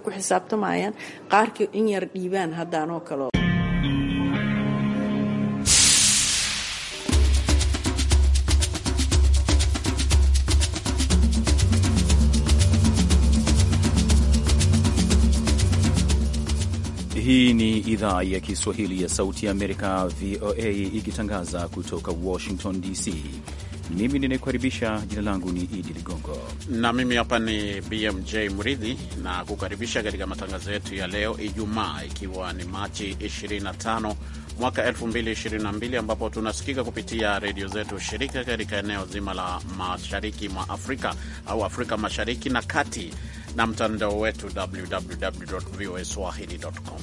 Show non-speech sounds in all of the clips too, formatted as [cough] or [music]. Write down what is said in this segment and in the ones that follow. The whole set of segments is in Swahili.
ku xisaabtamayaan qaarkii in yar dhiibaan haddaanoo kale Hii ni idhaa ya Kiswahili ya Sauti ya Amerika, VOA, ikitangaza kutoka Washington DC. Mimi ninayekukaribisha jina langu ni Idi Ligongo na mimi hapa ni BMJ Mridhi na kukaribisha katika matangazo yetu ya leo Ijumaa, ikiwa ni Machi 25 mwaka 2022, ambapo tunasikika kupitia redio zetu shirika katika eneo zima la mashariki mwa Afrika au Afrika mashariki na kati na mtandao wetu www voa swahili.com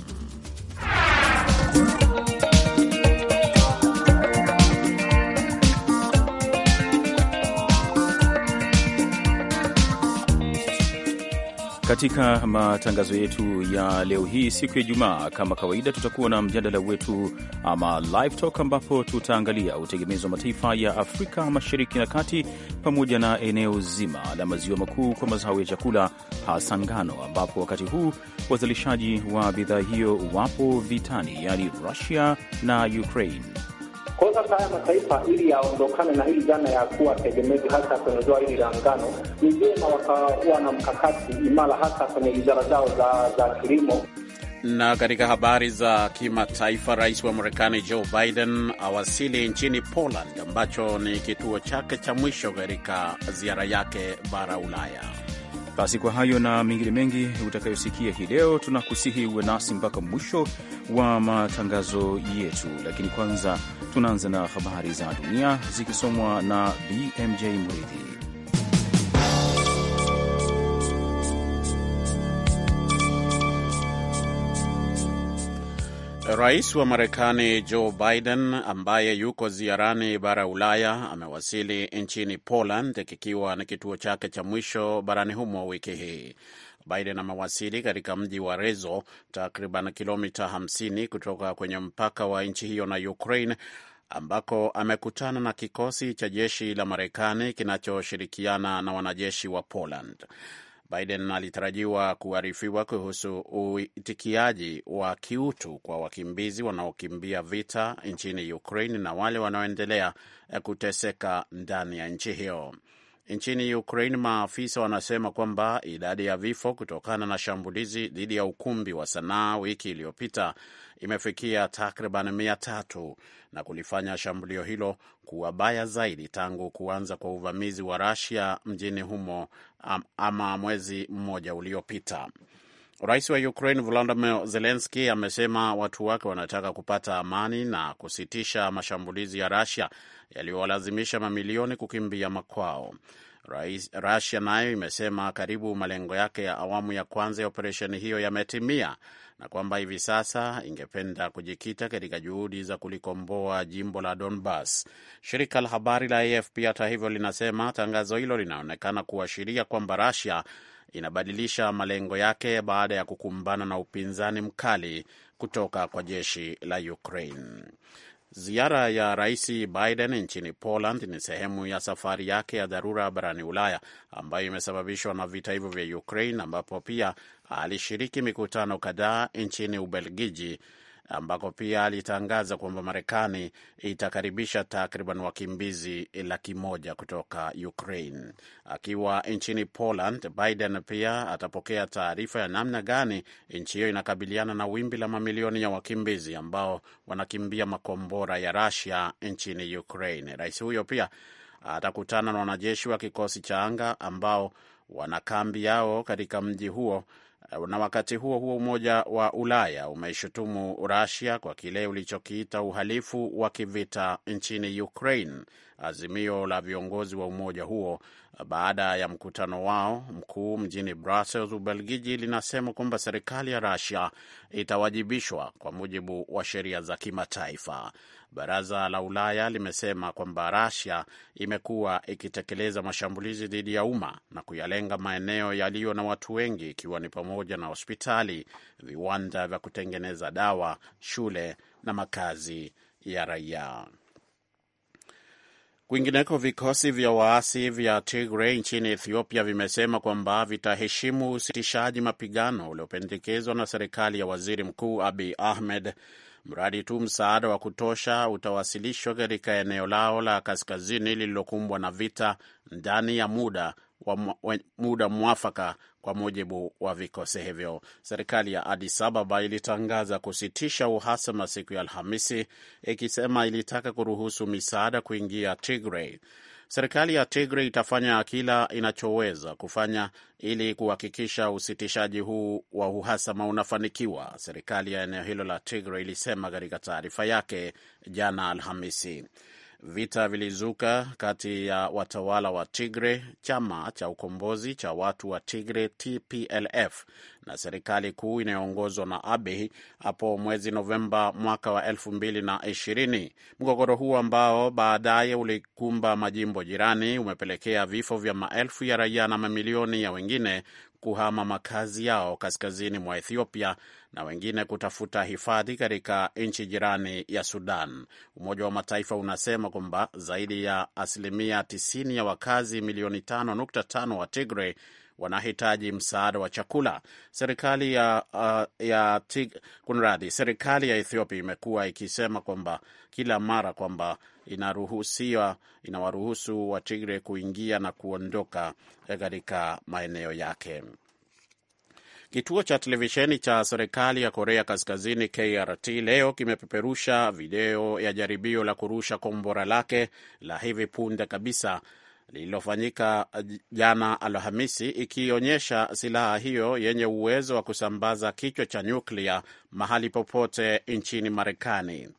Katika matangazo yetu ya leo hii, siku ya Ijumaa, kama kawaida, tutakuwa na mjadala wetu ama live talk, ambapo tutaangalia utegemezi wa mataifa ya Afrika Mashariki na Kati pamoja na eneo zima la maziwa makuu kwa mazao ya chakula, hasa ngano, ambapo wakati huu wazalishaji wa bidhaa hiyo wapo vitani, yaani Rusia na Ukraine. Kwa sasa haya mataifa ili yaondokane na hii dhana ya kuwa tegemezi hasa kwenye zoa hili la ngano, ni vyema wakawa na mkakati imara hasa kwenye wizara zao za, za kilimo. Na katika habari za kimataifa, rais wa Marekani Joe Biden awasili nchini Poland ambacho ni kituo chake cha mwisho katika ziara yake bara Ulaya. Basi kwa hayo na mengine mengi utakayosikia hii leo, tunakusihi uwe nasi mpaka mwisho wa matangazo yetu, lakini kwanza tunaanza na habari za dunia zikisomwa na BMJ Mridhi. Rais wa Marekani Joe Biden ambaye yuko ziarani bara ya Ulaya amewasili nchini Poland kikiwa ni kituo chake cha mwisho barani humo wiki hii. Biden amewasili katika mji wa Rezo, takriban kilomita 50 kutoka kwenye mpaka wa nchi hiyo na Ukraine, ambako amekutana na kikosi cha jeshi la Marekani kinachoshirikiana na wanajeshi wa Poland. Biden alitarajiwa kuarifiwa kuhusu uitikiaji wa kiutu kwa wakimbizi wanaokimbia vita nchini Ukraine na wale wanaoendelea kuteseka ndani ya nchi hiyo. Nchini Ukraine, maafisa wanasema kwamba idadi ya vifo kutokana na shambulizi dhidi ya ukumbi wa sanaa wiki iliyopita imefikia takriban mia tatu na kulifanya shambulio hilo kuwa baya zaidi tangu kuanza kwa uvamizi wa Russia mjini humo ama mwezi mmoja uliopita. Rais wa Ukraine Volodymyr zelenski amesema watu wake wanataka kupata amani na kusitisha mashambulizi ya rasia yaliyowalazimisha mamilioni kukimbia makwao. Russia nayo imesema karibu malengo yake ya awamu ya kwanza ya operesheni hiyo yametimia na kwamba hivi sasa ingependa kujikita katika juhudi za kulikomboa jimbo la Donbas. Shirika la habari la AFP hata hivyo linasema tangazo hilo linaonekana kuashiria kwamba rasia inabadilisha malengo yake baada ya kukumbana na upinzani mkali kutoka kwa jeshi la Ukraine. Ziara ya Rais Biden nchini Poland ni sehemu ya safari yake ya dharura barani Ulaya ambayo imesababishwa na vita hivyo vya Ukraine, ambapo pia alishiriki mikutano kadhaa nchini Ubelgiji ambako pia alitangaza kwamba Marekani itakaribisha takriban wakimbizi laki moja kutoka Ukraine. Akiwa nchini Poland, Biden pia atapokea taarifa ya namna gani nchi hiyo inakabiliana na wimbi la mamilioni ya wakimbizi ambao wanakimbia makombora ya Russia nchini Ukraine. Rais huyo pia atakutana na wanajeshi wa kikosi cha anga ambao wana kambi yao katika mji huo na wakati huo huo Umoja wa Ulaya umeishutumu rasia kwa kile ulichokiita uhalifu wa kivita nchini Ukraine azimio la viongozi wa umoja huo baada ya mkutano wao mkuu mjini Brussels, Ubelgiji, linasema kwamba serikali ya rasia itawajibishwa kwa mujibu wa sheria za kimataifa. Baraza la Ulaya limesema kwamba rasia imekuwa ikitekeleza mashambulizi dhidi ya umma na kuyalenga maeneo yaliyo na watu wengi, ikiwa ni pamoja na hospitali, viwanda vya kutengeneza dawa, shule na makazi ya raia. Kwingineko, vikosi vya waasi vya Tigray nchini Ethiopia vimesema kwamba vitaheshimu usitishaji mapigano uliopendekezwa na serikali ya waziri mkuu Abiy Ahmed mradi tu msaada wa kutosha utawasilishwa katika eneo lao la kaskazini lililokumbwa na vita ndani ya muda wa muda mwafaka kwa mujibu wa vikosi hivyo. Serikali ya Addis Ababa ilitangaza kusitisha uhasama siku ya Alhamisi, ikisema ilitaka kuruhusu misaada kuingia Tigray. Serikali ya Tigray itafanya kila inachoweza kufanya ili kuhakikisha usitishaji huu wa uhasama unafanikiwa, serikali ya eneo hilo la Tigray ilisema katika taarifa yake jana Alhamisi. Vita vilizuka kati ya watawala wa Tigre, chama cha ukombozi cha watu wa Tigre TPLF, na serikali kuu inayoongozwa na Abiy hapo mwezi Novemba mwaka wa 2020. Mgogoro huo ambao baadaye ulikumba majimbo jirani umepelekea vifo vya maelfu ya raia na mamilioni ya wengine kuhama makazi yao kaskazini mwa Ethiopia na wengine kutafuta hifadhi katika nchi jirani ya Sudan. Umoja wa Mataifa unasema kwamba zaidi ya asilimia 90 ya wakazi milioni 5.5 wa Tigray wanahitaji msaada wa chakula. Serikali ya, uh, ya kunradi, serikali ya Ethiopia imekuwa ikisema kwamba kila mara kwamba inaruhusiwa inawaruhusu Watigre kuingia na kuondoka katika maeneo yake. Kituo cha televisheni cha serikali ya Korea Kaskazini KRT leo kimepeperusha video ya jaribio la kurusha kombora lake la hivi punde kabisa lililofanyika jana Alhamisi, ikionyesha silaha hiyo yenye uwezo wa kusambaza kichwa cha nyuklia mahali popote nchini Marekani.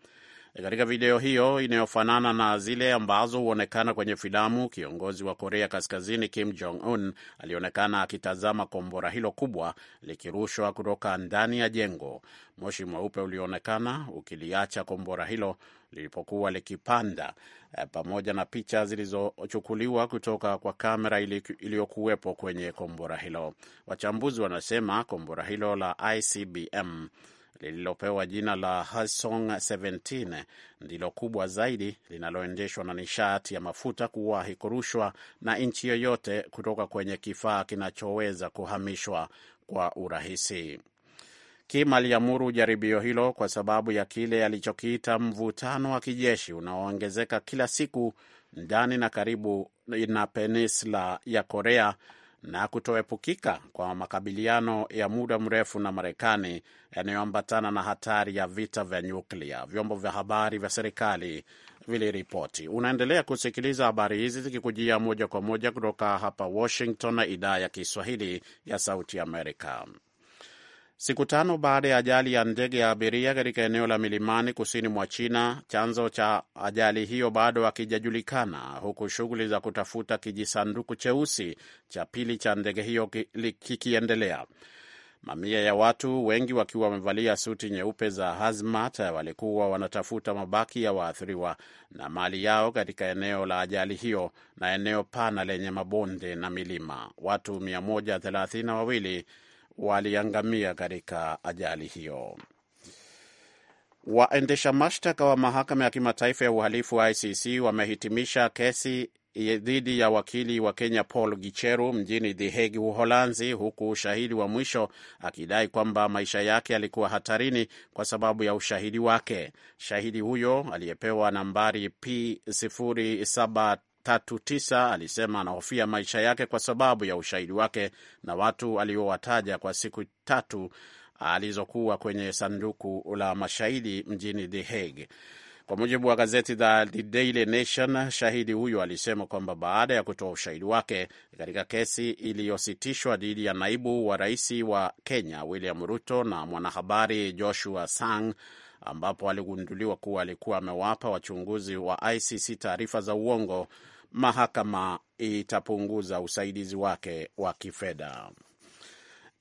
Katika video hiyo inayofanana na zile ambazo huonekana kwenye filamu, kiongozi wa Korea Kaskazini Kim Jong Un alionekana akitazama kombora hilo kubwa likirushwa kutoka ndani ya jengo. Moshi mweupe ulionekana ukiliacha kombora hilo lilipokuwa likipanda, Eh, pamoja na picha zilizochukuliwa kutoka kwa kamera iliyokuwepo kwenye kombora hilo. Wachambuzi wanasema kombora hilo la ICBM lililopewa jina la Hwasong 17 ndilo kubwa zaidi linaloendeshwa na nishati ya mafuta kuwahi kurushwa na nchi yoyote kutoka kwenye kifaa kinachoweza kuhamishwa kwa urahisi. Kim aliamuru jaribio hilo kwa sababu ya kile alichokiita mvutano wa kijeshi unaoongezeka kila siku ndani na karibu na peninsula ya Korea na kutoepukika kwa makabiliano ya muda mrefu na Marekani yanayoambatana na hatari ya vita vya nyuklia, vyombo vya habari vya serikali viliripoti. Unaendelea kusikiliza habari hizi zikikujia moja kwa moja kutoka hapa Washington na idhaa ya Kiswahili ya Sauti Amerika siku tano baada ya ajali ya ndege ya abiria katika eneo la milimani kusini mwa China. Chanzo cha ajali hiyo bado hakijajulikana, huku shughuli za kutafuta kijisanduku cheusi cha pili cha ndege hiyo kikiendelea. Mamia ya watu, wengi wakiwa wamevalia suti nyeupe za hazmat, walikuwa wanatafuta mabaki ya waathiriwa na mali yao katika eneo la ajali hiyo na eneo pana lenye mabonde na milima. Watu wawili waliangamia katika ajali hiyo. Waendesha mashtaka wa mahakama ya kimataifa ya uhalifu ICC wamehitimisha kesi dhidi ya wakili wa Kenya Paul Gicheru mjini The Hague, Uholanzi, huku ushahidi wa mwisho akidai kwamba maisha yake yalikuwa hatarini kwa sababu ya ushahidi wake. Shahidi huyo aliyepewa nambari P073 39 alisema anahofia maisha yake kwa sababu ya ushahidi wake na watu aliowataja kwa siku tatu alizokuwa kwenye sanduku la mashahidi mjini The Hague. Kwa mujibu wa gazeti la The Daily Nation, shahidi huyo alisema kwamba baada ya kutoa ushahidi wake katika kesi iliyositishwa dhidi ya naibu wa rais wa Kenya William Ruto na mwanahabari Joshua Sang ambapo aligunduliwa kuwa alikuwa amewapa wachunguzi wa ICC taarifa za uongo, mahakama itapunguza usaidizi wake wa kifedha.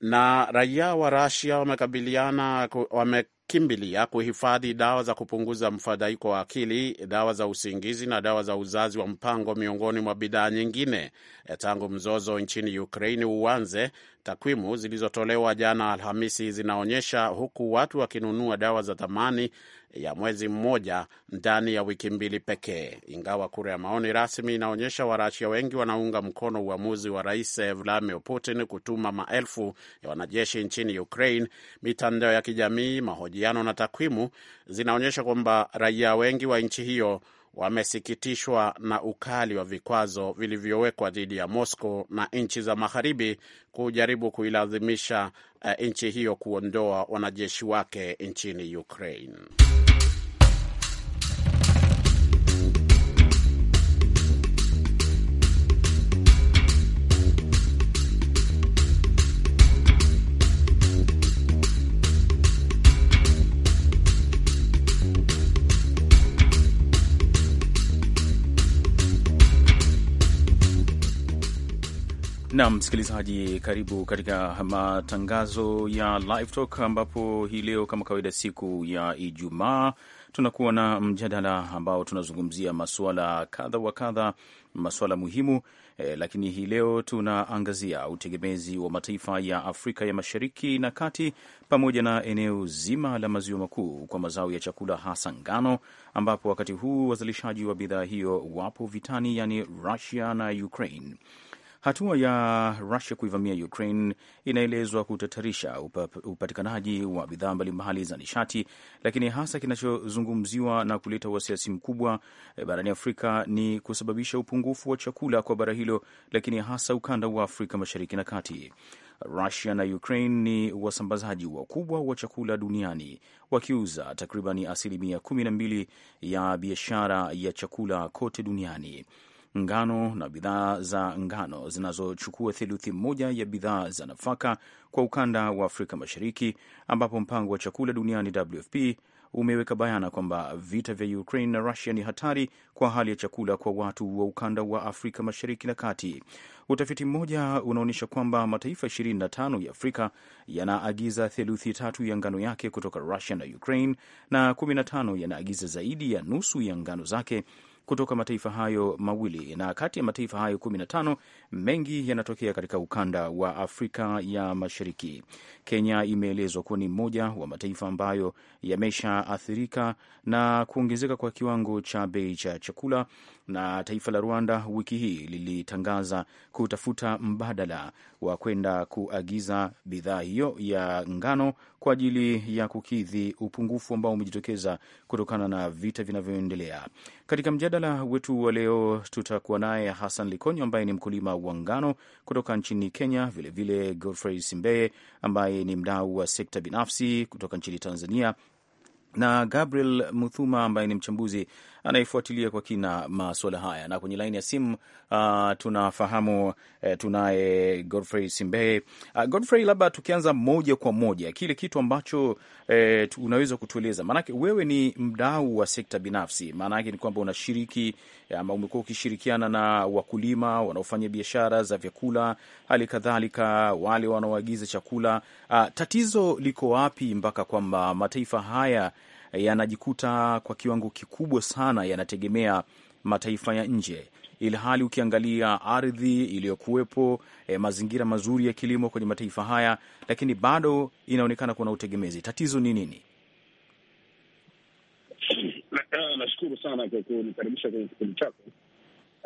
Na raia wa Rasia wamekabiliana wamekimbilia kuhifadhi dawa za kupunguza mfadhaiko wa akili, dawa za usingizi na dawa za uzazi wa mpango, miongoni mwa bidhaa nyingine, tangu mzozo nchini Ukraini uanze Takwimu zilizotolewa jana Alhamisi zinaonyesha huku watu wakinunua dawa za thamani ya mwezi mmoja ndani ya wiki mbili pekee, ingawa kura ya maoni rasmi inaonyesha Warasia wengi wanaunga mkono uamuzi wa Rais Vladimir Putin kutuma maelfu ya wanajeshi nchini Ukraine. Mitandao ya kijamii, mahojiano na takwimu zinaonyesha kwamba raia wengi wa nchi hiyo wamesikitishwa na ukali wa vikwazo vilivyowekwa dhidi ya Moscow na nchi za magharibi kujaribu kuilazimisha eh, nchi hiyo kuondoa wanajeshi wake nchini Ukraine. Na msikilizaji, karibu katika matangazo ya Live Talk ambapo hii leo kama kawaida, siku ya Ijumaa, tunakuwa na mjadala ambao tunazungumzia masuala kadha wa kadha, masuala muhimu eh, lakini hii leo tunaangazia utegemezi wa mataifa ya Afrika ya Mashariki na Kati pamoja na eneo zima la Maziwa Makuu kwa mazao ya chakula hasa ngano, ambapo wakati huu wazalishaji wa bidhaa hiyo wapo vitani, yani Russia na Ukraine. Hatua ya Rusia kuivamia Ukraine inaelezwa kutatarisha upatikanaji wa bidhaa mbalimbali za nishati, lakini hasa kinachozungumziwa na kuleta wasiwasi mkubwa eh, barani Afrika ni kusababisha upungufu wa chakula kwa bara hilo, lakini hasa ukanda wa Afrika mashariki na kati. Rusia na Ukraine ni wasambazaji wakubwa wa chakula duniani wakiuza takriban asilimia kumi na mbili ya biashara ya chakula kote duniani ngano na bidhaa za ngano zinazochukua theluthi moja ya bidhaa za nafaka kwa ukanda wa Afrika Mashariki, ambapo mpango wa chakula duniani WFP umeweka bayana kwamba vita vya Ukraine na Rusia ni hatari kwa hali ya chakula kwa watu wa ukanda wa Afrika Mashariki na Kati. Utafiti mmoja unaonyesha kwamba mataifa 25 ya Afrika yanaagiza theluthi tatu ya ngano yake kutoka Rusia na Ukraine na 15 yanaagiza zaidi ya nusu ya ngano zake kutoka mataifa hayo mawili, na kati ya mataifa hayo kumi na tano mengi yanatokea katika ukanda wa Afrika ya Mashariki. Kenya imeelezwa kuwa ni mmoja wa mataifa ambayo yameshaathirika na kuongezeka kwa kiwango cha bei cha chakula, na taifa la Rwanda wiki hii lilitangaza kutafuta mbadala wa kwenda kuagiza bidhaa hiyo ya ngano kwa ajili ya kukidhi upungufu ambao umejitokeza kutokana na vita vinavyoendelea. Katika mjadala wetu wa leo tutakuwa naye Hassan Likonyo ambaye ni mkulima wa ngano kutoka nchini Kenya, vilevile Godfrey Simbeye ambaye ni mdau wa sekta binafsi kutoka nchini Tanzania na Gabriel Muthuma ambaye ni mchambuzi anayefuatilia kwa kina masuala haya. Na kwenye laini ya simu uh, tunafahamu uh, tunaye Godfrey Simbeye. Uh, Godfrey, labda tukianza moja kwa moja kile kitu ambacho uh, unaweza kutueleza, maanake wewe ni mdau wa sekta binafsi, maana yake ni kwamba unashiriki eh, ama umekuwa ukishirikiana na wakulima wanaofanya biashara za vyakula, hali kadhalika wale wanaoagiza chakula. Uh, tatizo liko wapi mpaka kwamba mataifa haya Eh, yanajikuta kwa kiwango kikubwa sana yanategemea mataifa ya nje, ilhali ukiangalia ardhi iliyokuwepo, e, mazingira mazuri ya kilimo kwenye mataifa haya, lakini bado inaonekana kuna utegemezi. Tatizo ni nini? [clears throat] Nashukuru sana kwa kunikaribisha kwenye kipindi chako.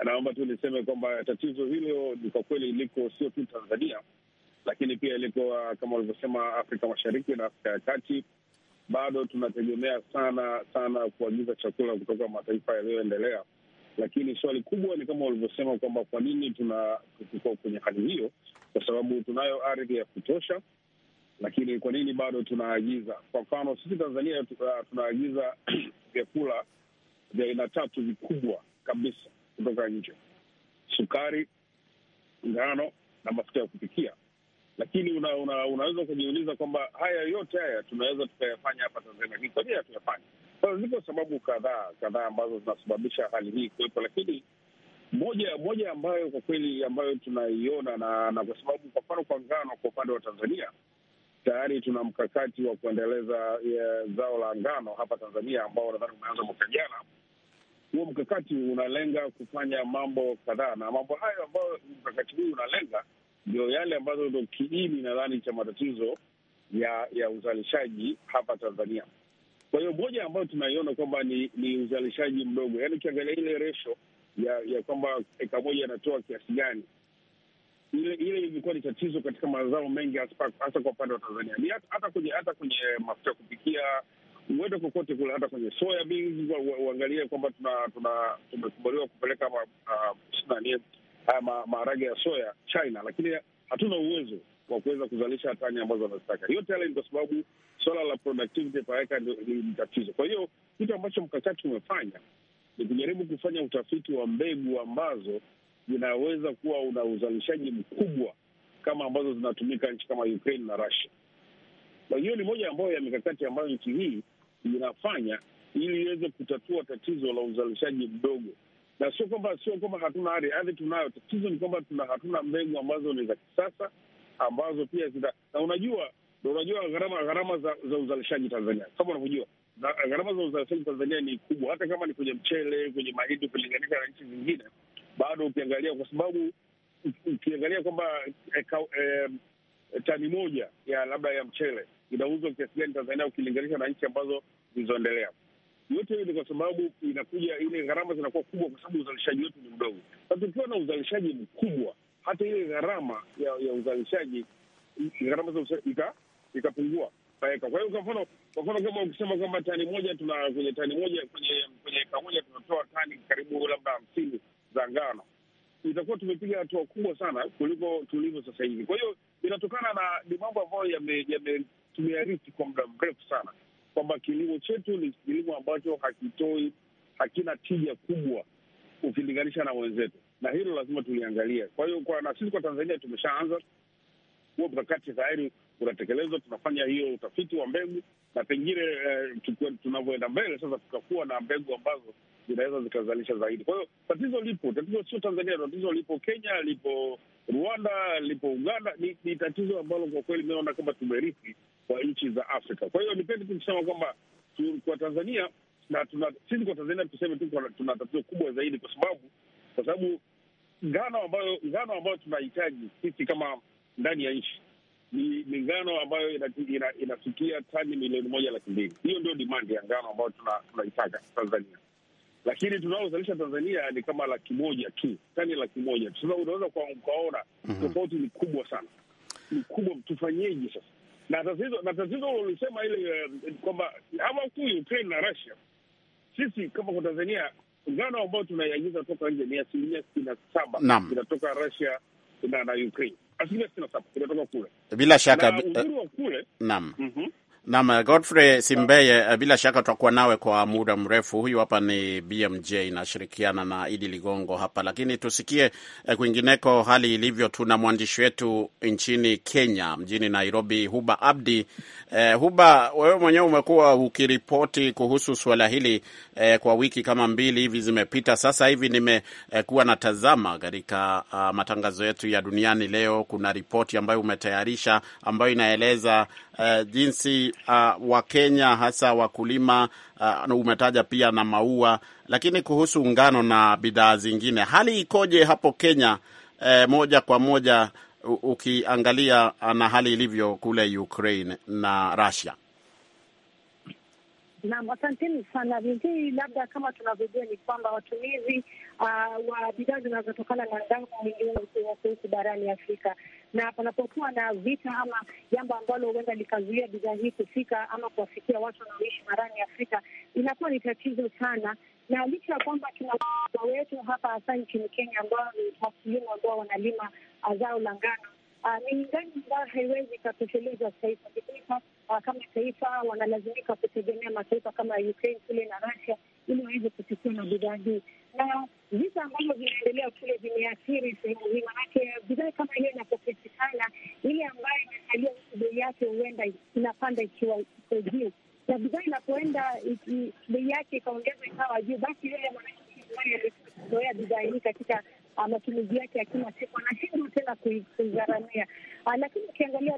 Naomba tu niseme kwamba tatizo hilo ni kwa kweli liko sio tu Tanzania, lakini pia liko ah, kama walivyosema Afrika Mashariki na Afrika ya Kati bado tunategemea sana sana kuagiza chakula kutoka mataifa yaliyoendelea, lakini swali kubwa ni kama walivyosema kwamba kwa nini tuna kwenye hali hiyo, kwa sababu tunayo ardhi ya kutosha, lakini kwa nini bado tunaagiza? Kwa mfano sisi Tanzania uh, tunaagiza [clears throat] vyakula vya aina tatu vikubwa kabisa kutoka nje: sukari, ngano na mafuta ya kupikia lakini una, una, unaweza ukajiuliza kwamba haya yote haya tunaweza tukayafanya hapa Tanzania, ni kwa nini hatuyafanya? Sasa ziko sababu kadhaa kadhaa ambazo zinasababisha hali hii kuwepo, lakini moja moja ambayo kwa kweli ambayo tunaiona na, na kwa sababu kwa mfano kwa ngano kwa upande wa Tanzania tayari tuna mkakati wa kuendeleza zao la ngano hapa Tanzania ambao nadhani umeanza mwaka jana. Huo mkakati unalenga kufanya mambo kadhaa, na mambo hayo ambayo mkakati huu unalenga ndio yale ambazo ndo kiini nadhani cha matatizo ya ya uzalishaji hapa Tanzania. Kwa hiyo moja ambayo tunaiona kwamba ni, ni uzalishaji mdogo, yaani ukiangalia ile resho ya ya kwamba eka moja inatoa kiasi gani, ile ile ilikuwa ni tatizo katika mazao mengi, hasa kwa upande wa Tanzania ni hata kwenye hata kwenye mafuta ya kupikia uende kokote kule, hata kwenye soya beans uangalie kwamba tunakubaliwa tuna, tuna, tuna kupeleka uh, haya ah, ma, maharage ya soya China, lakini hatuna uwezo wa kuweza kuzalisha tani ambazo wanazitaka. Yote yale ni kwa sababu suala la productivity paweka ni tatizo. Kwa hiyo kitu ambacho mkakati umefanya ni kujaribu kufanya utafiti wa mbegu ambazo zinaweza kuwa una uzalishaji mkubwa kama ambazo zinatumika nchi kama Ukraine na Russia. Kwa hiyo ni moja ambayo ya mikakati ambayo nchi hii inafanya ili iweze kutatua tatizo la uzalishaji mdogo na sio kwamba sio kwamba hatuna ardhi, ardhi tunayo. Tatizo ni kwamba tuna hatuna mbegu ambazo ni za kisasa ambazo pia zina na unajua na unajua gharama gharama za, za uzalishaji Tanzania kama unavyojua gharama za uzalishaji Tanzania ni kubwa, hata kama ni kwenye mchele, kwenye mahindi ukilinganisha na nchi zingine, bado ukiangalia, kwa sababu ukiangalia kwamba e, e, tani moja ya labda ya mchele inauzwa kiasi gani Tanzania ukilinganisha na nchi ambazo zilizoendelea. Yote hiyo ni kwa sababu inakuja ile gharama zinakuwa kubwa, kwa sababu uzalishaji wetu ni mdogo. Sasa ukiwa na uzalishaji mkubwa, hata ile gharama ya, ya uzalishaji gharama za usa, ikapungua kwa hiyo kwa mfano kwa mfano kama ukisema kwamba tani moja tuna kwenye tani moja kwenye kwenye eka moja tunatoa tani karibu labda hamsini za ngano, itakuwa tumepiga hatua kubwa sana kuliko tulivyo sasa hivi. Kwa hiyo inatokana na ni mambo ambayo tumearithi kwa muda mrefu sana kwamba kilimo chetu ni kilimo ambacho hakitoi, hakina tija kubwa ukilinganisha na wenzetu, na hilo lazima tuliangalia. Kwa hiyo kwa na sisi kwa Tanzania tumeshaanza huo mkakati tayari unatekelezwa, tunafanya hiyo utafiti wa mbegu na pengine eh, tunavyoenda mbele sasa tukakuwa na mbegu ambazo zinaweza zikazalisha zaidi. Kwa hiyo tatizo lipo, tatizo sio Tanzania, tatizo lipo Kenya, lipo Rwanda, lipo Uganda. Ni, ni tatizo ambalo kwa kweli imeona kama tumerithi kwa nchi za Afrika. Kwa hiyo nipende tu kusema kwamba kwa Tanzania na tuna, sisi kwa Tanzania tuseme tu tuna tatizo kubwa zaidi, kwa sababu kwa sababu ngano ambayo ngano ambayo tunahitaji sisi kama ndani ya nchi ni, ni ngano ambayo inafikia ina, ina, tani milioni moja laki mbili. Hiyo ndio demand ya ngano ambayo tunaitaka tuna Tanzania, lakini tunaozalisha Tanzania ni kama laki moja tu, tani laki moja. Sasa unaweza ukaona mm -hmm. tofauti ni kubwa sana, ni kubwa. Tufanyeje sasa? Na tatizo na tatizo ulisema ile eh, kwamba ama kuu Ukraine na Russia, sisi kama kwa Tanzania ngano ambayo tunaiagiza toka nje ni asilimia sitini na saba inatoka Russia na, na Ukraine asilimia kule bila shaka na eh, kule naam. mm -hmm. Naam, eh, Godfrey Simbeye, eh, bila shaka tutakuwa nawe kwa muda mrefu. Huyu hapa ni BMJ inashirikiana na Idi Ligongo hapa, lakini tusikie kwingineko hali ilivyo. Tuna mwandishi wetu nchini Kenya, mjini Nairobi, Huba Abdi Eh, Huba, wewe mwenyewe umekuwa ukiripoti kuhusu suala hili eh, kwa wiki kama mbili hivi zimepita. Sasa hivi nimekuwa eh, natazama katika uh, matangazo yetu ya duniani leo, kuna ripoti ambayo umetayarisha ambayo inaeleza eh, jinsi uh, ah, Wakenya hasa wakulima uh, umetaja pia na maua, lakini kuhusu ngano na bidhaa zingine, hali ikoje hapo Kenya? Eh, moja kwa moja ukiangalia uh, na hali ilivyo kule Ukraine na Russia? Naam, asanteni sana vizii. Labda kama tunavyojua ni kwamba watumizi uh, wa bidhaa zinazotokana na ngano kuhusu barani Afrika, na panapokuwa na vita ama jambo ambalo huenda likazuia bidhaa hii kufika ama kuwafikia watu wanaoishi barani Afrika, inakuwa ni tatizo sana na licha ya kwamba tuna wetu hapa hasa nchini Kenya ambao ni wakulima ambao wanalima zao la ngano. Ah, ni ngani ambayo haiwezi ikatosheleza taifa kitaifa. Ah, kama taifa wanalazimika kutegemea mataifa kama Ukraine kule na Russia ili waweze kuchukua na bidhaa hii, na vita ambavyo vinaendelea kule vimeathiri sehemu hii, manake bidhaa kama hiyo inapoketikana, ile ambayo imesalia bei yake huenda inapanda ikiwa iko juu, na bidhaa inapoenda bei yake ikaongezwa ikawa juu, basi yule mwananchi ambaye alitoea bidhaa hii katika Ah, matumizi yake ya kila siku, anashindwa tena kuigharamia. Ah, lakini ukiangalia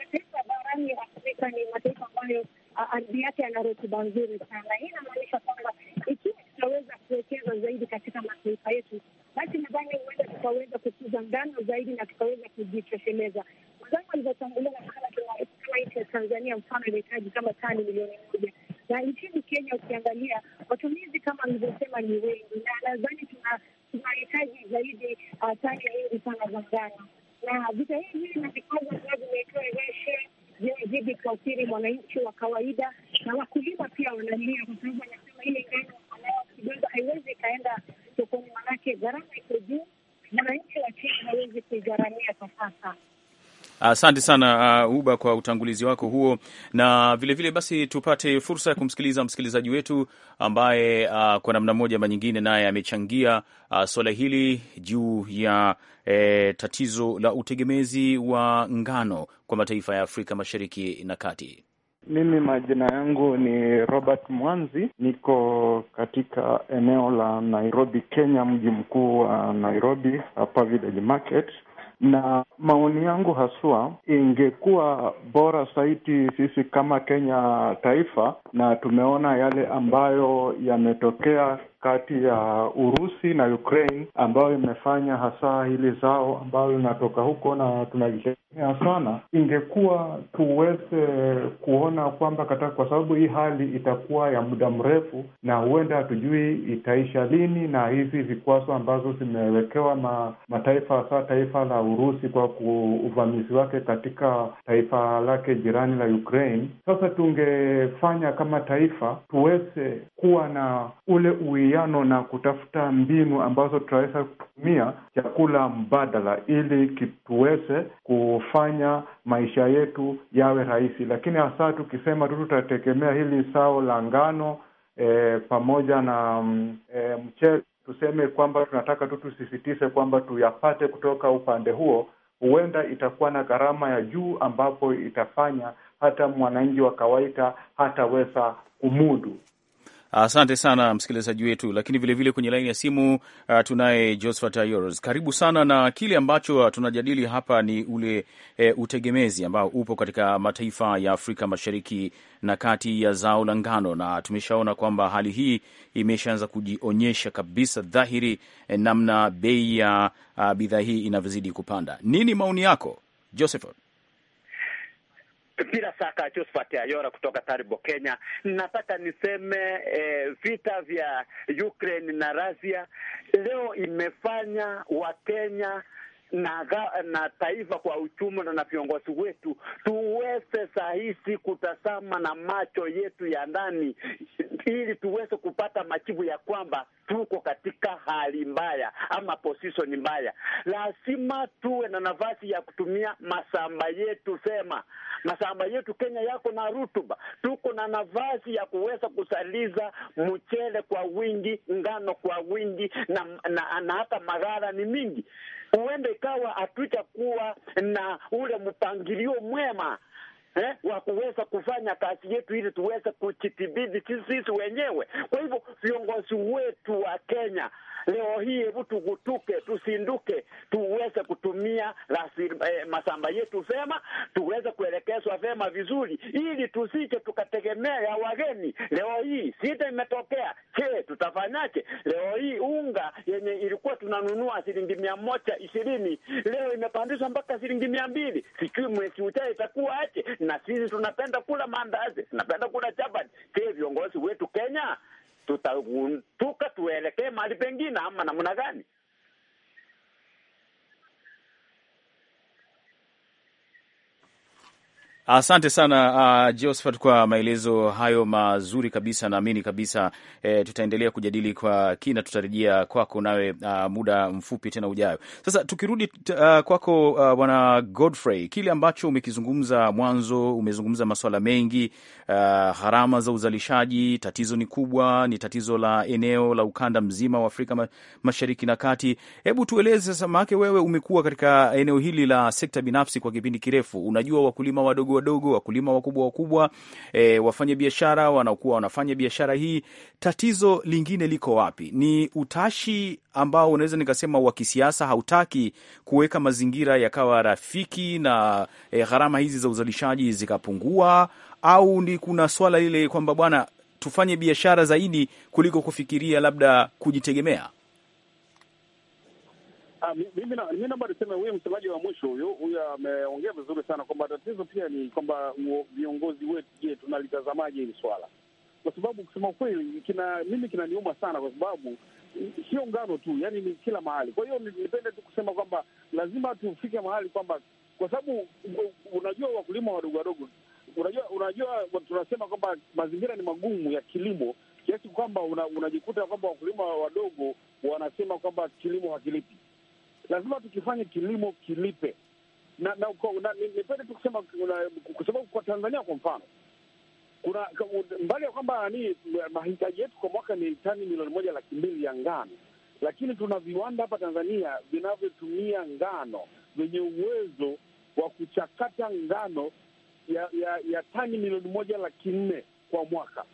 mataifa barani Afrika ni mataifa ambayo ah, ardhi yake yana rutuba nzuri sana. Hii inamaanisha kwamba ikiwa tutaweza kuwekeza zaidi katika mataifa yetu, basi nadhani huenda tukaweza kukuza ngano zaidi na tukaweza kujitosheleza mwenzangu alivyotangulia nasema kama nchi ya Tanzania mfano inahitaji kama tani milioni moja, na nchini Kenya ukiangalia watumizi kama alivyosema ni wengi, na nadhani wanahitaji zaidi tani uh, nyingi sana za ngano, na vita hivi na vikwazo ambavyo vimewekewa Russia vinazidi kuathiri mwananchi wa kawaida, na wakulima pia wanalia, kwa sababu wanasema ile ngano kidogo haiwezi ikaenda sokoni, manake gharama iko juu, mwananchi wa chini hawezi kuigharamia kwa sasa. Asante sana uh, Uba kwa utangulizi wako huo, na vilevile vile basi tupate fursa ya kumsikiliza msikilizaji wetu ambaye uh, kwa namna moja ama nyingine naye amechangia uh, suala hili juu ya E, tatizo la utegemezi wa ngano kwa mataifa ya Afrika Mashariki na Kati. Mimi majina yangu ni Robert Mwanzi, niko katika eneo la Nairobi, Kenya, mji mkuu wa Nairobi hapa Village Market na maoni yangu haswa, ingekuwa bora zaidi sisi kama Kenya taifa, na tumeona yale ambayo yametokea kati ya Urusi na Ukraine ambayo imefanya hasa hili zao ambalo linatoka huko na tunalile ya sana, ingekuwa tuweze kuona kwamba kata, kwa sababu hii hali itakuwa ya muda mrefu na huenda hatujui itaisha lini, na hizi vikwazo ambazo zimewekewa ma, mataifa hasa taifa la Urusi kwa uvamizi wake katika taifa lake jirani la Ukraine. Sasa tungefanya kama taifa tuweze kuwa na ule uwiano na kutafuta mbinu ambazo tutaweza kutumia chakula mbadala ili tuweze ku kufanya maisha yetu yawe rahisi, lakini hasa tukisema tu tutategemea hili sao la ngano e, pamoja na mm, e, mchele, tuseme kwamba tunataka tu tusisitize kwamba tuyapate kutoka upande huo, huenda itakuwa na gharama ya juu, ambapo itafanya hata mwananchi wa kawaida hataweza kumudu. Asante sana msikilizaji wetu, lakini vilevile vile kwenye laini ya simu uh, tunaye Josphat Ayoros, karibu sana. Na kile ambacho tunajadili hapa ni ule e, utegemezi ambao upo katika mataifa ya Afrika Mashariki na kati ya zao la ngano, na tumeshaona kwamba hali hii imeshaanza kujionyesha kabisa dhahiri, e, namna bei ya uh, bidhaa hii inavyozidi kupanda. Nini maoni yako Josephat? Bila shaka Josephat Ayora kutoka Taribo, Kenya. Nataka niseme eh, vita vya Ukraine na Russia leo imefanya Wakenya na, na taifa kwa uchumi na na viongozi wetu tuweze sahisi kutazama na macho yetu ya ndani, ili tuweze kupata majibu ya kwamba tuko katika hali mbaya ama position mbaya. Lazima tuwe na nafasi ya kutumia masamba yetu, sema masamba yetu Kenya yako na rutuba, tuko na nafasi ya kuweza kusaliza mchele kwa wingi, ngano kwa wingi na, na, na hata maghala ni mingi huenda ikawa hatutakuwa na ule mpangilio mwema eh, wa kuweza kufanya kazi yetu ili tuweze kujitibidi sisi wenyewe. Kwa hivyo viongozi wetu wa Kenya leo hii, hebu tugutuke, tusinduke, tuweze kutumia eh, masamba yetu vema, tuweze kuelekezwa vema vizuri, ili tusije tukategemea ya wageni. Leo hii sita imetokea, je, tutafanyaje? Leo hii unga yenye ilikuwa tunanunua shilingi mia moja ishirini leo imepandishwa mpaka shilingi mia mbili. Sijui mwezi ujao itakuwa aje? na sisi tunapenda kula mandazi tunapenda kula chapati. Je, viongozi wetu Kenya tutagunduka tuelekee mahali pengine ama namna gani? Asante sana uh, Josephat kwa maelezo hayo mazuri kabisa. Naamini kabisa e, tutaendelea kujadili kwa kina, tutarejea kwako nawe uh, muda mfupi tena ujayo. Sasa tukirudi uh, kwako uh, bwana uh, Godfrey, kile ambacho umekizungumza mwanzo, umezungumza masuala mengi uh, gharama za uzalishaji, tatizo ni kubwa, ni tatizo la eneo la ukanda mzima wa Afrika Mashariki na Kati. Hebu tueleze sasa, maake wewe umekuwa katika eneo hili la sekta binafsi kwa kipindi kirefu, unajua wakulima wadogo wadogo, wakulima wakubwa wakubwa, e, wafanya biashara wanakuwa wanafanya biashara hii. Tatizo lingine liko wapi? Ni utashi ambao unaweza nikasema wa kisiasa, hautaki kuweka mazingira yakawa rafiki na e, gharama hizi za uzalishaji zikapungua, au ni kuna swala lile kwamba bwana, tufanye biashara zaidi kuliko kufikiria labda kujitegemea. Ah, mimi naomba niseme huyu msemaji wa mwisho huyu huyu ameongea vizuri sana, kwamba tatizo pia ni kwamba viongozi wetu, je, tunalitazamaje hili swala? Kwa sababu kusema kweli, kina mimi kinaniuma sana, kwa sababu sio ngano tu, yani ni kila mahali. Kwa hiyo nipende tu kusema kwamba lazima tufike mahali kwamba, kwa sababu unajua wakulima wadogo wadogo, unajua unajua tunasema kwamba mazingira ni magumu ya kilimo kiasi kwamba unajikuta kwamba wakulima wadogo wanasema kwamba kilimo hakilipi lazima tukifanye kilimo kilipe, na na nipende tu kusema kwa sababu kwa Tanzania kwa mfano kuna mbali ya kwamba ni mahitaji yetu kwa mwaka ni tani milioni moja laki mbili ya ngano, lakini tuna viwanda hapa Tanzania vinavyotumia ngano vyenye uwezo wa kuchakata ngano ya, ya, ya tani milioni moja laki nne kwa mwaka,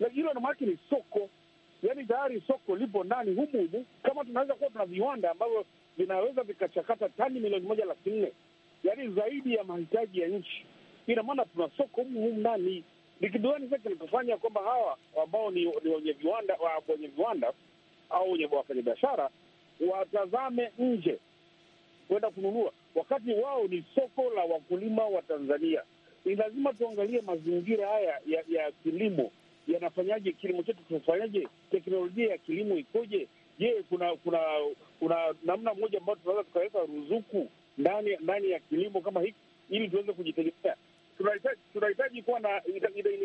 na hilo namaake ni soko, yaani tayari soko lipo ndani humu humu. Kama tunaweza kuwa tuna viwanda ambavyo vinaweza vikachakata tani milioni moja laki nne, yaani zaidi ya mahitaji ya nchi. Ina maana tuna soko humu humu ndani. Ni kitu gani sasa kinachofanya kwamba hawa ambao ni, ni wenye viwanda wenye viwanda au wenye wafanyabiashara watazame nje kwenda kununua, wakati wao ni soko la wakulima wa Tanzania? Ni lazima tuangalie mazingira haya ya, ya kilimo yanafanyaje, kilimo chetu tunafanyaje, teknolojia ya kilimo ikoje? Je, kuna kuna kuna namna moja ambayo tunaweza tukaweka ruzuku ndani ndani ya kilimo kama hiki ili tuweze kujitegemea. Tunahitaji kuwa na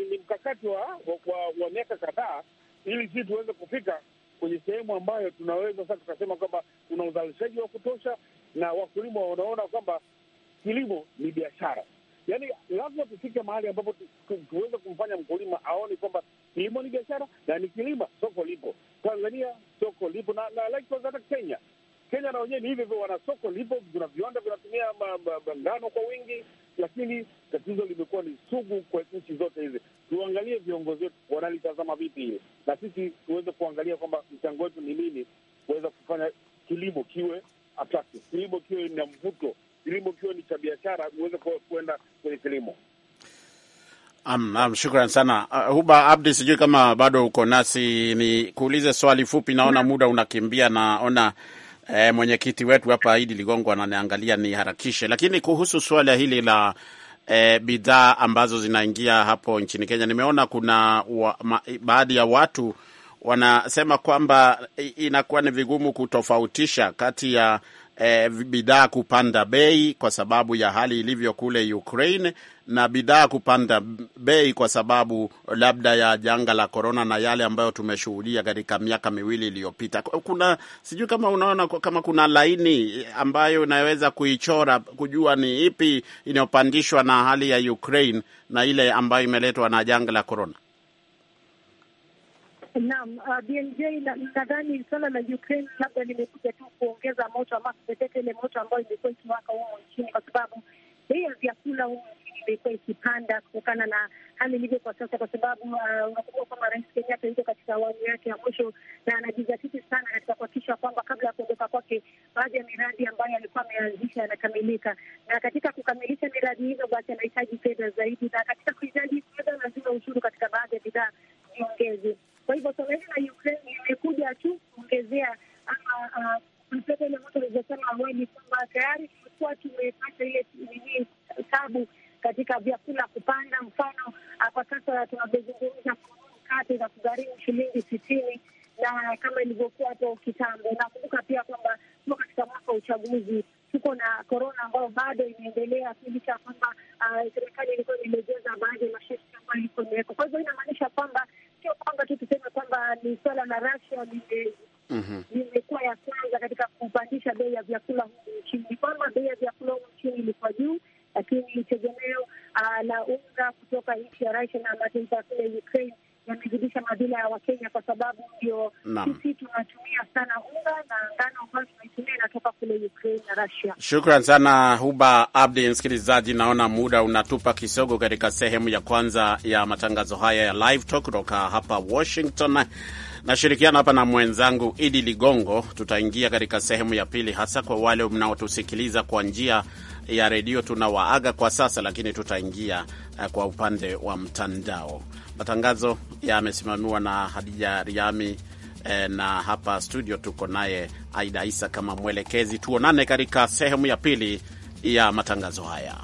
ni mkakati wa, wa, wa miaka kadhaa ili sisi tuweze kufika kwenye sehemu ambayo tunaweza sasa tukasema kwamba kuna uzalishaji wa kutosha na wakulima wanaona kwamba kilimo ni biashara. Yaani lazima tufike mahali ambapo tuweze kumfanya mkulima aone kwamba kilimo ni biashara na ni kilima, soko lipo. Tanzania soko lipo na, na like hata Kenya. Kenya na wenyewe ni hivyo hivyo, wana soko lipo, kuna viwanda vinatumia ngano kwa wingi, lakini tatizo limekuwa ni sugu kwa nchi zote hizi. Tuangalie viongozi wetu wanalitazama vipi hili, na sisi tuweze kuangalia kwamba mchango wetu ni nini kuweza kufanya kilimo kiwe attractive, kilimo kiwe na mvuto, kilimo kiwe ni cha biashara, uweze kuenda kwenye kilimo um, shukran sana uh, Huba Abdi, sijui kama bado uko nasi, ni kuulize swali fupi. Naona mm-hmm. muda unakimbia, naona eh, mwenyekiti wetu hapa Idi Ligongo ananiangalia niharakishe, lakini kuhusu swala hili la eh, bidhaa ambazo zinaingia hapo nchini Kenya, nimeona kuna baadhi ya watu wanasema kwamba inakuwa ni vigumu kutofautisha kati ya eh, bidhaa kupanda bei kwa sababu ya hali ilivyo kule Ukraine na bidhaa kupanda bei kwa sababu labda ya janga la korona na yale ambayo tumeshuhudia katika miaka miwili iliyopita. Kuna sijui kama unaona kama kuna laini ambayo inaweza kuichora kujua ni ipi inayopandishwa na hali ya Ukraine na ile ambayo imeletwa na janga la korona. Naam, uh, BNJ nadhani na suala la Ukraine labda limekuja tu kuongeza moto ama kupeteka ile moto ambayo imekuwa ikiwaka humo nchini, kwa sababu bei ya vyakula humo nchini imekuwa ikipanda kutokana na hali ilivyo kwa sasa, kwa sababu uh, unakumbuka kwamba Rais Kenyatta yuko katika awamu yake ya mwisho na anajizatiti sana katika kuhakikisha kwamba kabla ya kuondoka kwake, baadhi ya miradi ambayo alikuwa ameanzisha yanakamilika, na katika kukamilisha miradi hizo, basi anahitaji fedha zaidi, na katika kuhitaji fedha lazima ushuru katika baadhi ya bidhaa viongeze hivyo swala hili la Ukraine imekuja tu kuongezea ama kulipeta ah, ile moto alivyosema awali kwamba tayari tumekuwa tumepata ile nini tabu katika vyakula kupanda. Mfano, kwa sasa tunavyozungumza kati za kugharimu shilingi sitini na kama ilivyokuwa hapo kitambo. Nakumbuka pia kwamba tuko katika mwaka wa uchaguzi, tuko na korona ambayo bado imeendelea licha ya kwamba ah, serikali ilikuwa imelegeza baadhi ya masharti ambayo ilikuwa imewekwa. Kwa hivyo inamaanisha kwamba ni swala la Russia mhm. limekuwa ya kwanza katika kupandisha bei ya vyakula humu nchini. Ni kwamba bei ya vyakula humu nchini ilikuwa juu, lakini tegemeo ah, la unga kutoka nchi ya Russia na mataifa ya Ukraine yamezidisha madhila ya Wakenya, kwa sababu ndio sisi tunatumia sana unga na ngano ambazo kutoka kule Ukraine na Russia. Shukran sana Huba Abdi. Msikilizaji, naona muda unatupa kisogo katika sehemu ya kwanza ya matangazo haya ya Live Talk kutoka hapa Washington. Nashirikiana hapa na mwenzangu Idi Ligongo. Tutaingia katika sehemu ya pili, hasa kwa wale mnaotusikiliza kwa njia ya redio tunawaaga kwa sasa, lakini tutaingia eh, kwa upande wa mtandao. Matangazo yamesimamiwa na Hadija Riami e, na hapa studio tuko naye Aida Isa kama mwelekezi. Tuonane katika sehemu ya pili ya matangazo haya.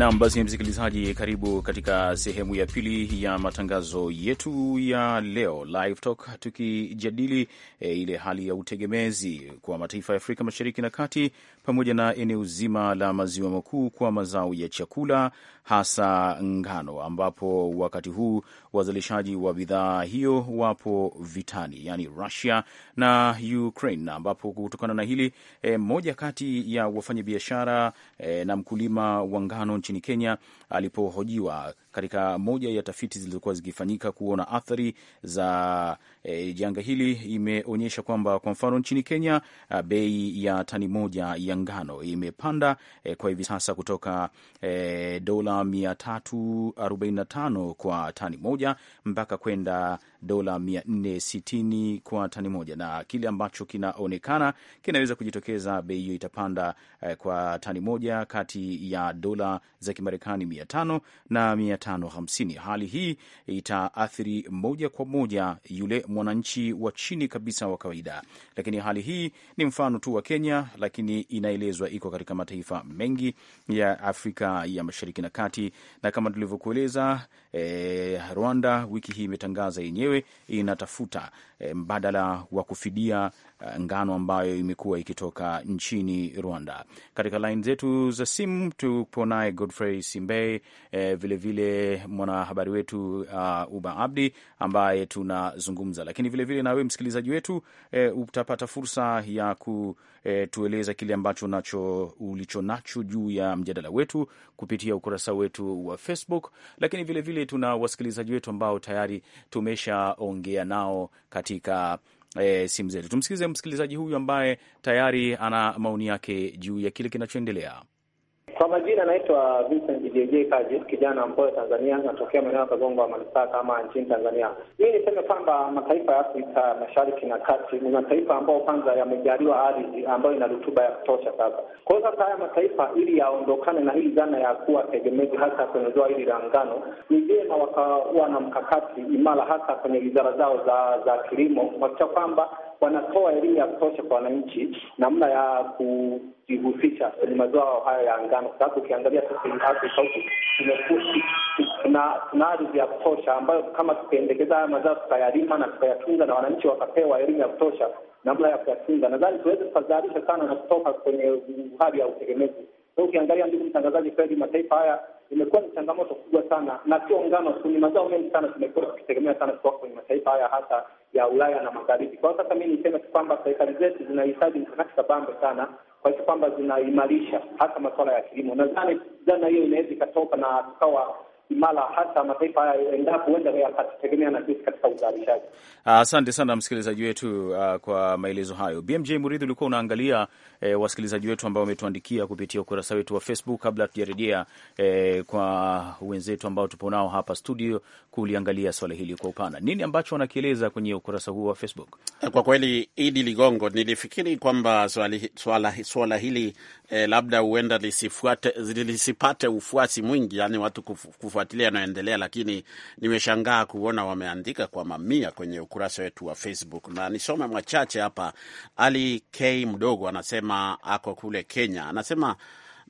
Nam, basi msikilizaji, karibu katika sehemu ya pili ya matangazo yetu ya leo Live Talk, tukijadili e, ile hali ya utegemezi kwa mataifa ya Afrika Mashariki na Kati pamoja na eneo zima la maziwa makuu kwa mazao ya chakula hasa ngano, ambapo wakati huu wazalishaji wa bidhaa hiyo wapo vitani, yani Russia na Ukraine, ambapo kutokana na hili e, moja kati ya wafanyabiashara e, na mkulima wa ngano nchini Kenya alipohojiwa katika moja ya tafiti zilizokuwa zikifanyika kuona athari za e, janga hili, imeonyesha kwamba kwa mfano nchini Kenya bei ya tani moja ya ngano imepanda e, kwa hivi sasa kutoka e, dola 345 kwa tani moja mpaka kwenda dola 460 kwa tani moja, na kile ambacho kinaonekana kinaweza kujitokeza, bei hiyo itapanda eh, kwa tani moja kati ya dola za Kimarekani 500 na 550. Hali hii itaathiri moja kwa moja yule mwananchi wa chini kabisa wa kawaida, lakini hali hii ni mfano tu wa Kenya, lakini inaelezwa iko katika mataifa mengi ya Afrika ya Mashariki na Kati, na kama tulivyokueleza, eh, Rwanda wiki hii imetangaza yenyewe yenyewe inatafuta eh, mbadala wa kufidia Uh, ngano ambayo imekuwa ikitoka nchini Rwanda. Katika laini zetu za simu tupo naye Godfrey Simbey, eh, vilevile mwanahabari wetu uh, Uba Abdi ambaye tunazungumza, lakini vilevile nawe msikilizaji wetu eh, utapata fursa ya kutueleza eh, kile ambacho nacho ulicho nacho juu ya mjadala wetu kupitia ukurasa wetu wa Facebook, lakini vilevile vile tuna wasikilizaji wetu ambao tayari tumeshaongea nao katika e, simu zetu. Tumsikilize msikilizaji huyu ambaye tayari ana maoni yake juu ya kile kinachoendelea. Kwa majina anaitwa Vincent JJ Kaji, kijana mpoa Tanzania, natokea maeneo ya Kagongo wa manispaa kama nchini Tanzania. Mimi niseme kwamba mataifa ya Afrika Mashariki na Kati ni mataifa ambayo kwanza yamejaliwa ardhi ambayo ina rutuba ya kutosha. Sasa kwa hiyo sasa haya mataifa ili yaondokane na hii dhana ya kuwa tegemezi hasa kwenye zoa hili la ngano, ni vyema wakawa na mkakati imara hasa kwenye wizara zao za, za kilimo kuhakikisha kwamba wanatoa elimu ya kutosha kwa wananchi namna ya kujihusisha kwenye mazao hayo ya ngano, kwa sababu ukiangalia tuna ardhi ya kutosha ambayo kama tukiendekeza haya mazao tukayalima na tukayatunza na wananchi wakapewa elimu ya kutosha namna ya kuyatunza, nadhani tuweze tukazalisha sana na kutoka kwenye hali ya utegemezi. Ukiangalia ndugu mtangazaji, kweli mataifa haya imekuwa ni changamoto kubwa sana, na sio ngano tu, ni mazao mengi sana tumekuwa tukitegemea sana kutoka kwenye mataifa haya hasa ya Ulaya na magharibi. Kwa sasa mi niseme tu kwamba serikali zetu zinahitaji mkakati kabambe sana kuhakikisha kwamba zinaimarisha hasa masuala ya kilimo. Nadhani dhana hiyo inaweza ikatoka na tukawa imara, hata mataifa hayo endapo huenda yakategemea na sisi katika uzalishaji. Asante sana msikilizaji wetu uh, kwa maelezo hayo. BMJ Muridhi, ulikuwa unaangalia eh, wasikilizaji wetu ambao wametuandikia kupitia ukurasa wetu wa Facebook kabla hatujarejea eh, kwa wenzetu ambao tupo nao hapa studio kuliangalia swala hili kwa upana. Nini ambacho wanakieleza kwenye ukurasa huu wa Facebook? Kwa kweli, Idi Ligongo, nilifikiri kwamba swala hili eh, labda huenda lisipate ufuasi mwingi, yani watu kufuatilia yanayoendelea, lakini nimeshangaa kuona wameandika kwa mamia kwenye ukurasa wetu wa Facebook, na nisome machache hapa. Ali K mdogo anasema ako kule Kenya, anasema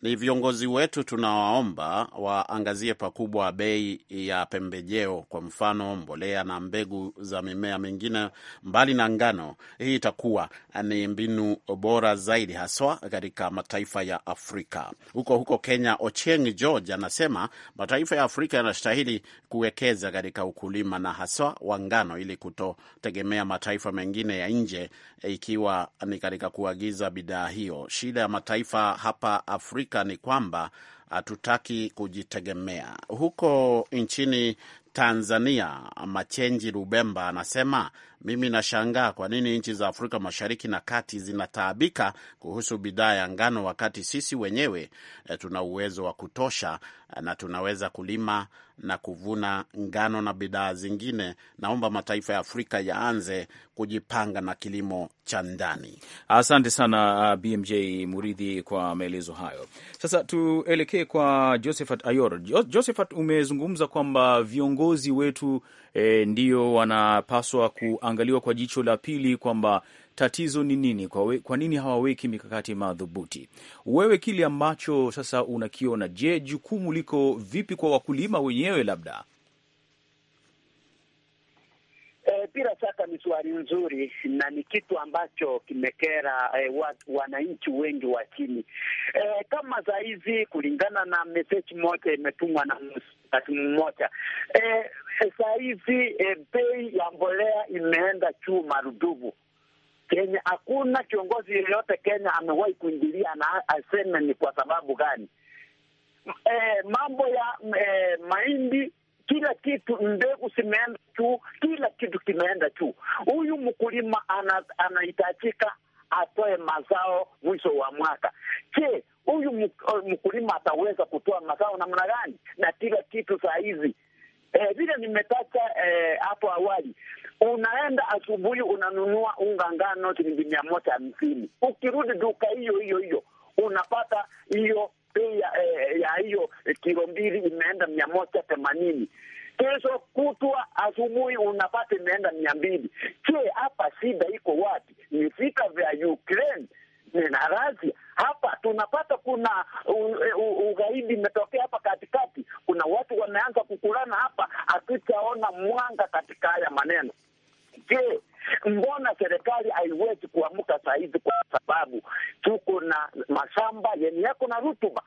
ni viongozi wetu tunawaomba waangazie pakubwa bei ya pembejeo, kwa mfano mbolea na mbegu za mimea mingine mbali na ngano. Hii itakuwa ni mbinu bora zaidi, haswa katika mataifa ya Afrika. Huko huko Kenya, Ocheng George anasema mataifa ya Afrika yanastahili kuwekeza katika ukulima na haswa wa ngano, ili kutotegemea mataifa mengine ya nje, ikiwa ni katika kuagiza bidhaa hiyo. Shida ya mataifa hapa Afrika Afrika ni kwamba hatutaki kujitegemea. Huko nchini Tanzania, Machenji Rubemba anasema mimi nashangaa kwa nini nchi za Afrika Mashariki na Kati zinataabika kuhusu bidhaa ya ngano wakati sisi wenyewe e, tuna uwezo wa kutosha eh, na tunaweza kulima na kuvuna ngano na bidhaa zingine. Naomba mataifa ya Afrika yaanze kujipanga na kilimo cha ndani. Asante sana uh, BMJ Muridhi kwa maelezo hayo. Sasa tuelekee kwa Josephat Ayor. Josephat, umezungumza kwamba viongozi wetu e, ndio wanapaswa kuangaliwa kwa jicho la pili kwamba tatizo ni nini, kwa, we, kwa nini hawaweki mikakati madhubuti. Wewe kile ambacho sasa unakiona, je, jukumu liko vipi kwa wakulima wenyewe labda? E, bila shaka ni swali nzuri na ni kitu ambacho kimekera e, wananchi wengi wa chini e, kama saa hizi kulingana na meseji moja imetumwa na na timu moja e, e, saa hizi eh, bei ya mbolea imeenda juu marudubu Kenya. Hakuna kiongozi yeyote Kenya amewahi kuingilia na aseme ni kwa sababu gani. Eh, mambo ya eh, mahindi kila kitu, mbegu zimeenda juu, kila kitu kimeenda juu. Huyu mkulima anahitajika atoe mazao mwisho wa mwaka. Je, huyu uh, mkulima ataweza kutoa mazao namna gani na kila kitu saa hizi eh, vile eh, nimetaja hapo awali, unaenda asubuhi unanunua unga ngano shilingi mia moja hamsini, ukirudi duka hiyo hiyo hiyo unapata hiyo bei ya eh, hiyo e, kilo mbili imeenda mia moja themanini. Kesho kutwa asubuhi unapata imeenda mia mbili. Je, hapa shida iko wapi? Ni vita vya Ukraine na ghasia hapa. Tunapata kuna ugaidi imetokea hapa katikati, kuna watu wameanza kukulana hapa, hatutaona mwanga katika haya maneno. Je, mbona serikali haiwezi kuamka saa hizi? Kwa sababu tuko na mashamba yenye yako na rutuba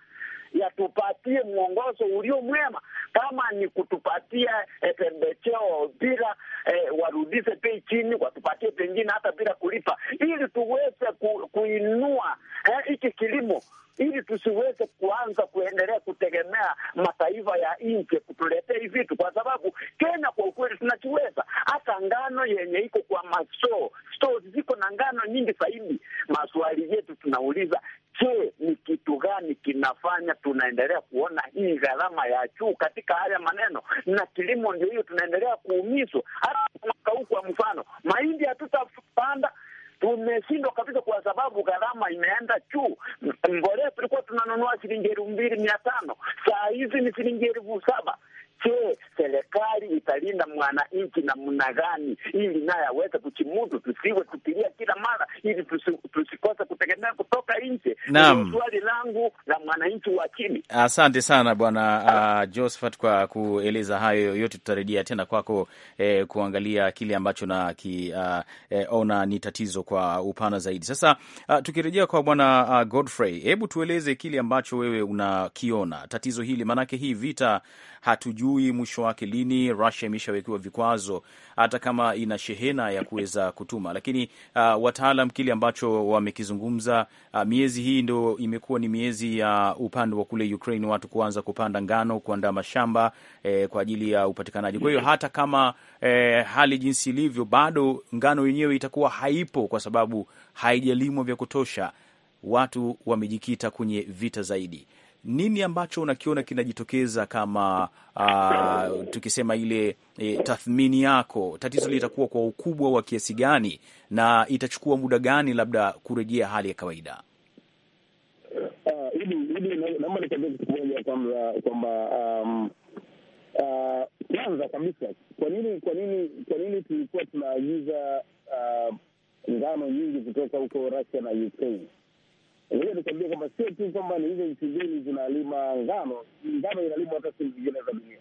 yatupatie mwongozo ulio mwema. Kama ni kutupatia eh, pembecheo bila e, warudishe bei chini, watupatie pengine hata bila kulipa, ili tuweze ku, kuinua eh, hiki eh, kilimo ili tusiweze kuanza kuendelea kutegemea mataifa ya nje kutuletea hivi vitu, kwa sababu Kenya kwa ukweli tunakiweza. Hata ngano yenye iko kwa maso stores ziko na ngano nyingi zaidi. Maswali yetu tunauliza, je, ni kitu gani kinafanya tunaendelea kuona hii gharama ya juu katika haya maneno? Na kilimo ndio hiyo, tunaendelea kuumizwa. Hata mwaka huu kwa mfano mahindi hatutapanda tumeshindwa kabisa, kwa sababu gharama imeenda juu. Mbolea tulikuwa tunanunua shilingi elfu mbili mia tano saa hizi ni shilingi elfu saba. Je, serikali italinda mwananchi namna gani, ili naye aweze kuchimudu, tusiwe tukilia kila mara, ili tusikose kutegemea kutoka nje. Swali langu la mwananchi wa chini. Asante sana bwana uh, Josephat kwa kueleza hayo yote. Tutarejea tena kwako eh, kuangalia kile ambacho nakiona uh, eh, ni tatizo kwa upana zaidi. Sasa uh, tukirejea kwa bwana uh, Godfrey, hebu tueleze kile ambacho wewe unakiona tatizo hili, maanake hii vita hatujui mwisho wake lini. Russia imeshawekewa vikwazo, hata kama ina shehena ya kuweza kutuma, lakini uh, wataalam kile ambacho wamekizungumza, uh, miezi hii ndo imekuwa ni miezi ya uh, upande wa kule Ukraine watu kuanza kupanda ngano, kuandaa mashamba eh, kwa ajili ya upatikanaji. Kwa hiyo hata kama eh, hali jinsi ilivyo, bado ngano yenyewe itakuwa haipo kwa sababu haijalimwa vya kutosha. Watu wamejikita kwenye vita zaidi nini ambacho unakiona kinajitokeza kama uh, tukisema ile e, tathmini yako, tatizo litakuwa kwa ukubwa wa kiasi gani na itachukua muda gani labda kurejea hali ya kawaida? Ah, naomba nikwambia kitu kimoja kwamba um, ah, kwanza kabisa, kwa nini kwa nini kwa nini tulikuwa tunaagiza ngano nyingi kutoka huko Russia na Ukraine? Hiyo nikuambia kwamba sio tu kwamba ni hizo nchi mbili zinalima ngano, ngano inalimwa hata sehemu zingine za dunia.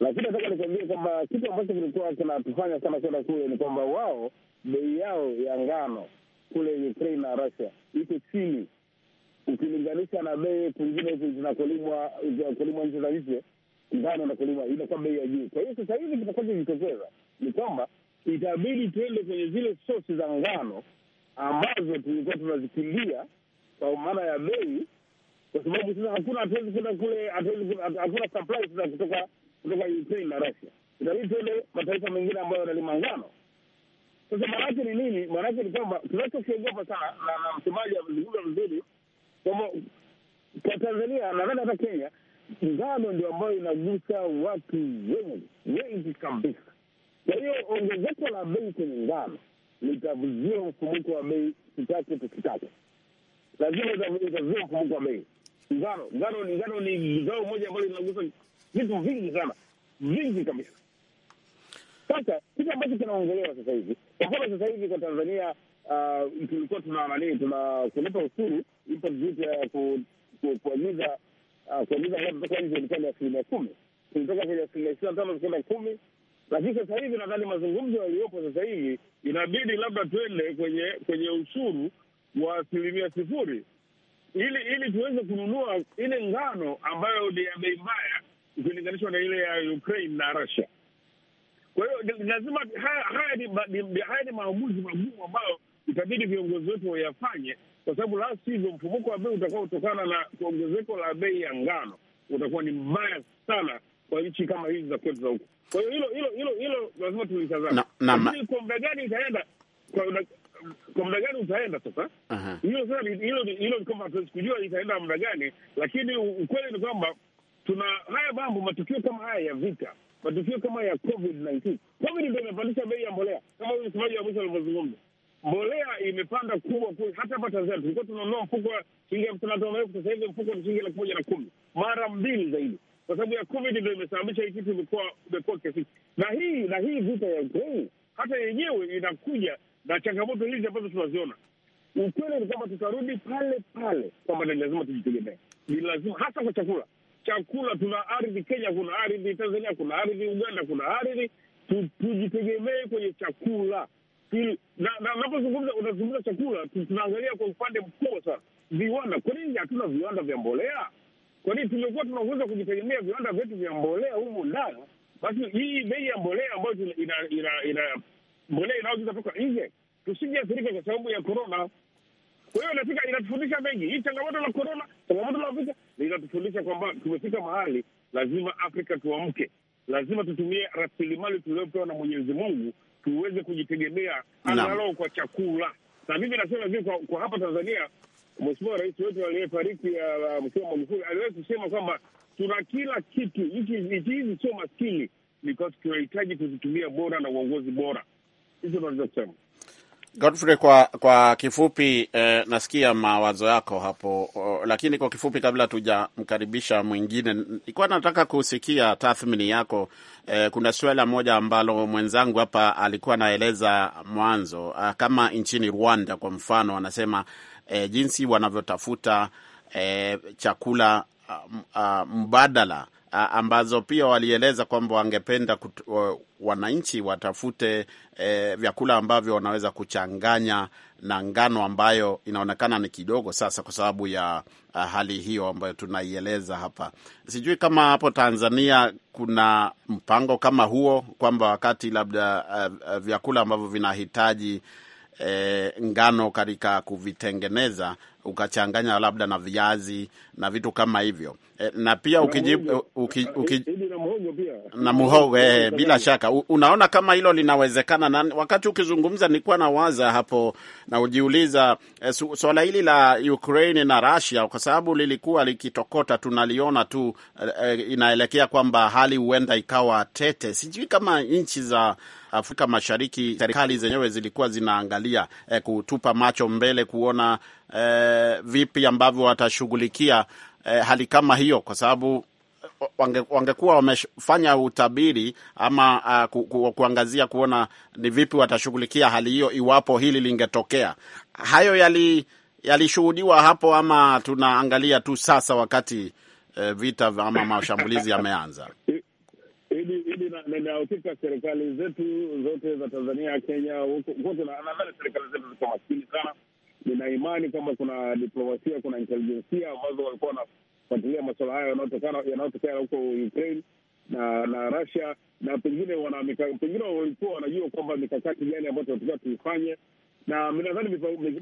Lakini nataka nikuambia kwamba kitu ambacho kilikuwa kinatufanya sana kwenda kule ni kwamba wao bei yao ya ngano kule Ukraine na Russia iko chini ukilinganisha na bei kwingine huku zinakolimwa kulimwa nchi za nje, ngano nakulimwa inakuwa bei ya juu. Kwa hiyo sasa hivi kitakacho jitokeza ni kwamba itabidi tuende kwenye zile sosi za ngano ambazo tulikuwa tunazikimbia kwa maana ya bei, kwa sababu sasa hakuna, hatuwezi kwenda kule, hakuna supply sasa kutoka kutoka Ukraine na Russia, itabidi tuende mataifa mengine ambayo yanalima ngano. Sasa maanake ni nini? Maanake ni kwamba tunachokiogopa sana, na msemaji amezungumza vizuri kwamba kwa Tanzania nadhani hata Kenya, ngano ndio ambayo inagusa watu wengi wengi kabisa. Kwa hiyo ongezeko la bei kwenye ngano litavuzia mfumuko wa bei, kitake tukitake, lazima itavuziwa mfumuko wa bei. Ngano, ngano ni ngano ni zao moja ambalo linagusa vitu vingi sana, vingi kabisa. Sasa kitu ambacho kinaongelewa sasa hivi, kwa mfano sasa hivi kwa Tanzania uh, tulikuwa tuna nani, tuna kulipa ushuru ipo duty ya kuagiza uh, kuagiza bidhaa kutoka nje ilikuwa ni asilimia kumi, tulitoka kwenye asilimia ishirini na tano tukaenda kumi lakini sasa hivi nadhani mazungumzo yaliyopo sasa hivi inabidi labda tuende kwenye kwenye ushuru wa asilimia sifuri ili ili tuweze kununua ile ngano ambayo ni ya bei mbaya ukilinganishwa na ile ya Ukraine na Russia. Kwa hiyo lazima haya ni maamuzi magumu ambayo itabidi viongozi wetu wayafanye, kwa sababu la sivyo mfumuko wa bei utakuwa kutokana na ongezeko la bei ya ngano utakuwa ni mbaya sana kwa nchi kama hizi za kwetu za huku. Kwa hiyo hilo hilo hilo hilo lazima tulitazame, lakini kwa muda gani itaenda, kwa muda gani utaenda sasa. Hilo sasa hilo ni kwamba hatuwezi kujua itaenda muda gani, lakini ukweli ni kwamba tuna haya mambo, matukio kama haya ya vita, matukio kama ya Covid 19. Covid ndo imepandisha bei ya mbolea, kama huyu msemaji wa mwisho alivyozungumza, mbolea imepanda kubwa kule. Hata hapa Tanzania tulikuwa tunanunua mfuko wa shilingi elfu tano elfu sasa hivi mfuko ni shilingi laki moja na kumi mara mbili zaidi kwa sababu ya COVID ndo imesababisha hii kitu imekuwa kesi na hii na hii vita ya Ukraine hata yenyewe inakuja na changamoto hizi ambazo tunaziona. Ukweli ni kwamba tutarudi pale pale kwamba ni lazima tujitegemee, ni lazima hasa kwa chakula. Chakula tuna ardhi Kenya, kuna ardhi Tanzania, kuna ardhi Uganda, kuna ardhi tujitegemee kwenye chakula tu, na unapozungumza na, unazungumza chakula, tunaangalia kwa upande mkubwa sana viwanda. Kwa nini hatuna viwanda vya mbolea? Kwa nini tumekuwa tunaweza kujitegemea viwanda vyetu vya mbolea humu ndani, basi hii bei ya mbolea ambayo ina, ina, ina mbolea inayoziza toka nje tusijiathirika kwa sababu ya korona. Kwa hiyo inafika inatufundisha mengi hii changamoto la korona, changamoto la vita inatufundisha kwamba tumefika mahali lazima Afrika tuamke, lazima tutumie rasilimali tuliopewa na Mwenyezi Mungu tuweze kujitegemea angalau kwa chakula na mimi nasema hivi kwa, kwa hapa Tanzania Mheshimiwa Rais wetu aliyefariki uh, uh, mkiwa Magufuli aliwahi kusema kwamba tuna kila kitu, nchi hizi sio maskini, ni because tunahitaji kuzitumia bora na uongozi bora. Hizo tunaweza kusema. Godfrey, kwa kwa kifupi eh, nasikia mawazo yako hapo oh, lakini kwa kifupi, kabla hatujamkaribisha mwingine, nilikuwa nataka kusikia tathmini yako eh, kuna suala moja ambalo mwenzangu hapa alikuwa anaeleza mwanzo ah, kama nchini Rwanda kwa mfano, anasema e, jinsi wanavyotafuta e, chakula a, ah, a, ah, mbadala a, ah, ambazo pia walieleza kwamba wangependa wananchi watafute e, vyakula ambavyo wanaweza kuchanganya na ngano ambayo inaonekana ni kidogo sasa kwa sababu ya hali hiyo ambayo tunaieleza hapa. Sijui kama hapo Tanzania kuna mpango kama huo kwamba wakati labda uh, uh, vyakula ambavyo vinahitaji e, ngano katika kuvitengeneza ukachanganya labda na viazi na vitu kama hivyo e, na pia ukiji, ah, na muhogo e, bila shaka unaona kama hilo linawezekana. Na wakati ukizungumza nilikuwa na waza hapo na ujiuliza e, su, swala hili la Ukraine na Russia kwa sababu lilikuwa likitokota, tunaliona tu e, inaelekea kwamba hali huenda ikawa tete, sijui kama nchi za Afrika Mashariki, serikali zenyewe zilikuwa zinaangalia eh, kutupa macho mbele kuona eh, vipi ambavyo watashughulikia eh, hali kama hiyo, kwa sababu eh, wangekuwa wamefanya utabiri ama uh, ku, ku, kuangazia kuona ni vipi watashughulikia hali hiyo iwapo hili lingetokea. Hayo yali yalishuhudiwa hapo ama tunaangalia tu sasa wakati eh, vita ama mashambulizi yameanza? hili linahusika serikali zetu zote za Tanzania, Kenya, kote. Nadhani serikali zetu ziko maskini sana. Nina imani kama kuna diplomasia, kuna intelijensia ambazo walikuwa wanafuatilia masuala hayo yanayotokea huko Ukraine na na Russia, na pengine pengine walikuwa wanajua kwamba mikakati gani ambayo tunatakiwa tuifanye, na minadhani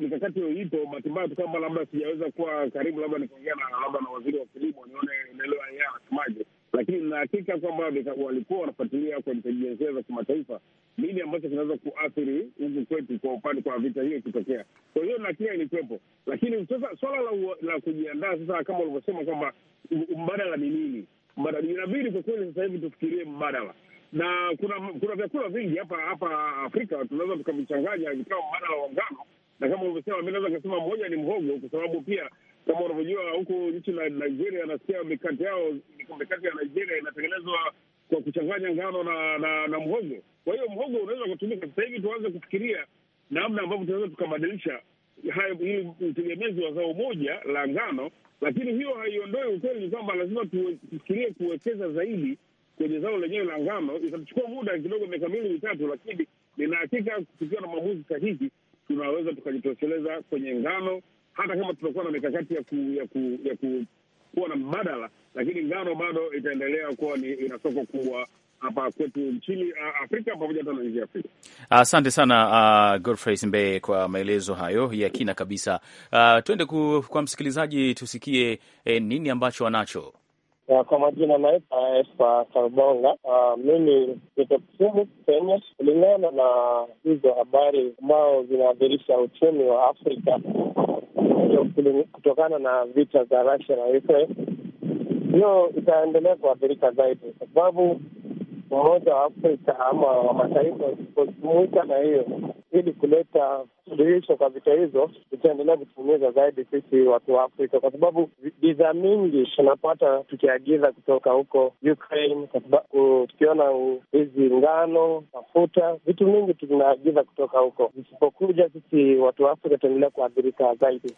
mikakati hiyo ipo. Bahati mbaya tu kama labda sijaweza kuwa karibu, labda nikaongea na labda na waziri wa kilimo nione naelewa yeye anasemaje lakini na hakika kwamba walikuwa wanafuatilia kwenye tejensia za kimataifa nini ambacho kinaweza kuathiri huku kwetu kwa upande kwa vita hiyo ikitokea. Kwa hiyo nakia ilikuwepo, lakini sasa swala la, la kujiandaa sasa, kama ulivyosema kwamba mbadala ni nini, mbadala inabidi kwa kweli sasa hivi tufikirie mbadala, na kuna kuna vyakula vingi hapa hapa Afrika tunaweza tukavichanganya vikawa mbadala wa ngano, na kama ulivyosema, mi naweza kasema mmoja ni mhogo, kwa sababu pia kama unavyojua huku nchi la Nigeria, nasikia mikate yao, mikate ya Nigeria inatengenezwa kwa kuchanganya ngano na, na, na mhogo. Kwa hiyo mhogo unaweza kutumika sasa hivi, tuanze kufikiria namna ambavyo tunaweza tukabadilisha hayo, ili utegemezi wa zao moja la ngano. Lakini hiyo haiondoi ukweli kwamba lazima tufikirie kuwekeza zaidi kwenye zao lenyewe la ngano. Itachukua muda kidogo, miaka mbili mitatu, lakini ninahakika tukiwa na maamuzi sahihi tunaweza tukajitosheleza kwenye ngano hata kama tutakuwa na mikakati ya ku, ya ku, ya ku, kuwa na mbadala, lakini ngano bado itaendelea kuwa ni ina soko kubwa hapa kwetu nchini Afrika pamoja hata na nje ya Afrika. Asante sana uh, Godfrey Simbeye kwa maelezo hayo ya kina kabisa. Uh, tuende ku, kwa msikilizaji tusikie eh, nini ambacho anacho kwa majina naitwa Espa Uh, Mimi niko Kisumu, Kenya. Kulingana na hizo habari ambao zinaadhirisha uchumi wa Afrika kutokana na vita za Russia na Ukraine, hiyo itaendelea kuathirika zaidi, kwa sababu Umoja wa Afrika ama wa Mataifa usipojumuika na hiyo ili kuleta suluhisho kwa vita hizo, tutaendelea kutumiza zaidi sisi watu wa Afrika, kwa sababu bidhaa mingi tunapata tukiagiza kutoka huko Ukraine, kwa sababu tukiona hizi ngano, mafuta, vitu mingi tunaagiza kutoka huko. Visipokuja sisi watu wa Afrika tutaendelea kuathirika zaidi.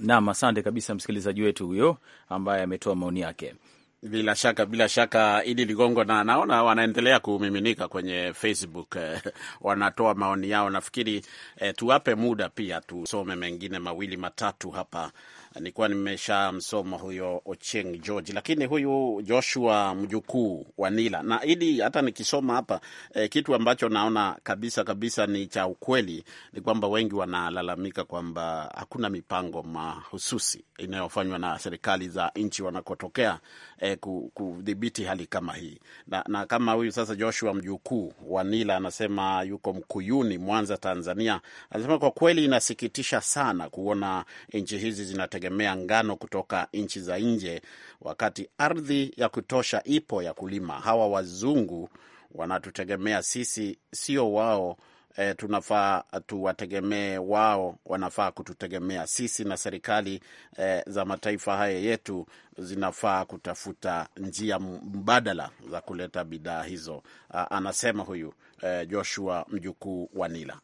Naam, asante kabisa msikilizaji wetu huyo ambaye ametoa maoni yake. Bila shaka bila shaka, Idi Ligongo, na naona wanaendelea kumiminika kwenye Facebook eh, [laughs] wanatoa maoni yao. Nafikiri eh, tuwape muda pia tusome mengine mawili matatu hapa nilikuwa msoma huyo Ocheng George, lakini huyu Joshua mjukuu wa Nila na ili hata nikisoma hapa eh, kitu ambacho naona kabisa kabisa ni cha ukweli ni kwamba wengi wanalalamika kwamba hakuna mipango mahususi inayofanywa na serikali za nchi wanakotokea eh, kudhibiti hali kama hii na, na kama huyu sasa Joshua mjukuu wa Nila anasema yuko Mkuyuni, Mwanza, Tanzania, anasema kwa kweli inasikitisha sana kuona nchi hizi zinate kutegemea ngano kutoka nchi za nje, wakati ardhi ya kutosha ipo ya kulima. Hawa wazungu wanatutegemea sisi, sio wao. E, tunafaa tuwategemee wao, wanafaa kututegemea sisi, na serikali e, za mataifa haya yetu zinafaa kutafuta njia mbadala za kuleta bidhaa hizo. A, anasema huyu Eh, Joshua mjukuu wa Nila.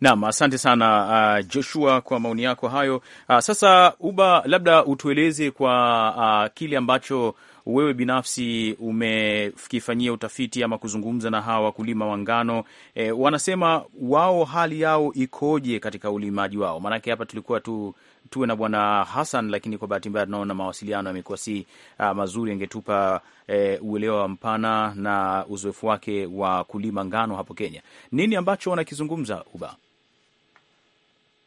Naam, asante sana eh, Joshua kwa maoni yako hayo. Ah, sasa Uba, labda utueleze kwa ah, kile ambacho wewe binafsi umekifanyia utafiti ama kuzungumza na hawa wakulima wa ngano e, wanasema wao hali yao ikoje katika ulimaji wao? Maanake hapa tulikuwa tu tuwe na bwana Hassan, lakini kwa bahati mbaya tunaona mawasiliano yamekuwa si uh, mazuri. Angetupa uh, uelewa mpana na uzoefu wake wa kulima ngano hapo Kenya, nini ambacho wanakizungumza uba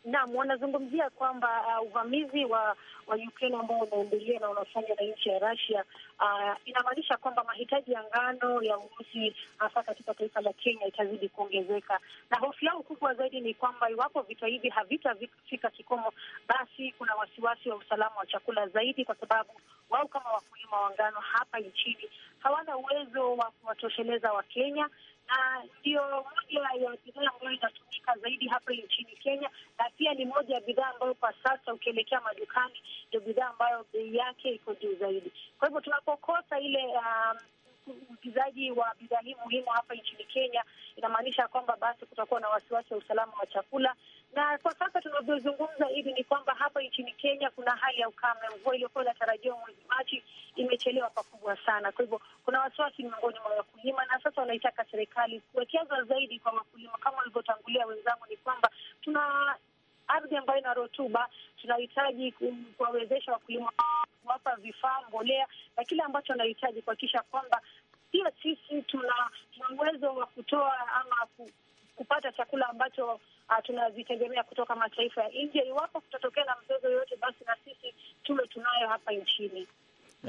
Naam, wanazungumzia kwamba uh, uvamizi wa wa Ukraine ambao unaendelea na unafanywa na nchi ya Russia uh, inamaanisha kwamba mahitaji ya ngano ya Urusi hasa katika taifa la Kenya itazidi kuongezeka, na hofu yao kubwa zaidi ni kwamba iwapo vita hivi havitafika kikomo, basi kuna wasiwasi wa usalama wa chakula zaidi, kwa sababu wao kama wakulima wa ngano hapa nchini hawana uwezo wa kuwatosheleza Wakenya Ah, ndiyo moja ya bidhaa ambayo inatumika zaidi hapa nchini Kenya, na pia ni moja ya bidhaa ambayo kwa sasa ukielekea madukani ndio bidhaa ambayo bei yake iko juu zaidi. Kwa hivyo tunapokosa ile um, uingizaji wa bidhaa hii muhimu hapa nchini Kenya, inamaanisha kwamba basi kutakuwa na wasiwasi wa usalama wa chakula na kwa sasa tunavyozungumza hivi ni kwamba hapa nchini Kenya kuna hali ya ukame. Mvua iliyokuwa inatarajiwa mwezi Machi imechelewa pakubwa sana, kwa hivyo kuna wasiwasi miongoni mwa wakulima, na sasa wanaitaka serikali kuwekeza zaidi kwa wakulima. Kama walivyotangulia wenzangu, ni kwamba tuna ardhi ambayo ina rutuba, tunahitaji kuwawezesha wakulima, kuwapa vifaa, mbolea na kile ambacho wanahitaji kuhakikisha kwamba pia sisi tuna uwezo wa kutoa ama ku kupata chakula ambacho uh, tunazitegemea kutoka mataifa ya nje. Iwapo kutatokea na mzozo yoyote, basi na sisi tuwe tunayo hapa nchini.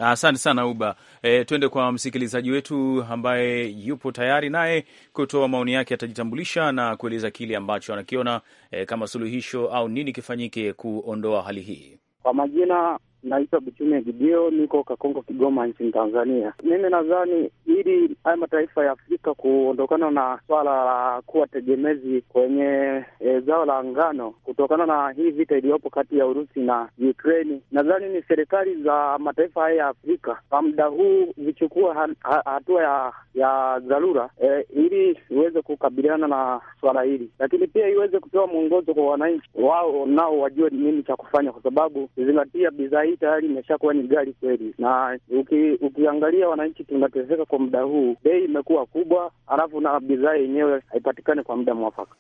Asante sana Uba. E, eh, tuende kwa msikilizaji wetu ambaye yupo tayari naye kutoa maoni yake. Atajitambulisha na kueleza kile ambacho anakiona e, kama suluhisho au nini kifanyike kuondoa hali hii. Kwa majina Naitwa Buchume Gidio, niko Kakongo, Kigoma nchini Tanzania. Mimi nadhani ili haya mataifa ya Afrika kuondokana na swala la kuwa tegemezi kwenye e, zao la ngano kutokana na hii vita iliyopo kati ya Urusi na Ukraini, nadhani ni serikali za mataifa haya ya Afrika kwa muda huu zichukua hatua ya ya dharura e, ili iweze kukabiliana na swala hili, lakini pia iweze kutoa mwongozo kwa wananchi wao, nao wajue nini cha kufanya, kwa sababu zingatia bidhaa hii tayari imeshakuwa ni gari kweli, na uki, ukiangalia wananchi tunateseka kwa muda huu, bei imekuwa kubwa, halafu na bidhaa yenyewe haipatikani kwa muda mwafaka.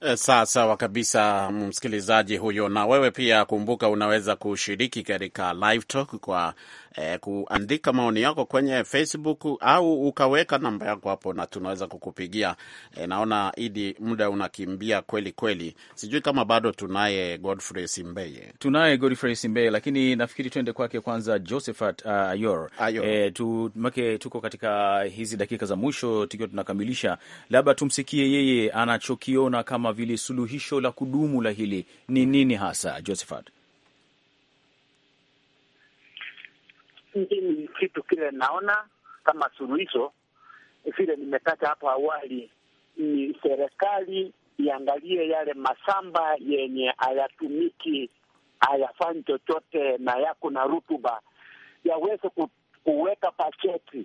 Eh, sawa sawa kabisa, msikilizaji huyo. Na wewe pia kumbuka, unaweza kushiriki katika live talk kwa eh, kuandika maoni yako kwenye Facebook au ukaweka namba yako hapo na tunaweza kukupigia. Eh, naona Idi, muda unakimbia kweli kweli. Sijui kama bado tunaye Godfrey Simbeye. Tunaye Godfrey Simbeye, lakini nafikiri tuende kwake kwanza Josephat uh, Ayor. Ayor. Eh, tu, make tuko katika hizi dakika za mwisho tukiwa tunakamilisha, labda tumsikie yeye anachokiona kama vile suluhisho la kudumu la hili ni nini hasa, Josephat? hii ni kitu kile naona kama suluhisho vile nimetaja hapo awali, ni serikali iangalie yale mashamba yenye hayatumiki hayafanyi chochote na yako na rutuba, yaweze kuweka pacheti,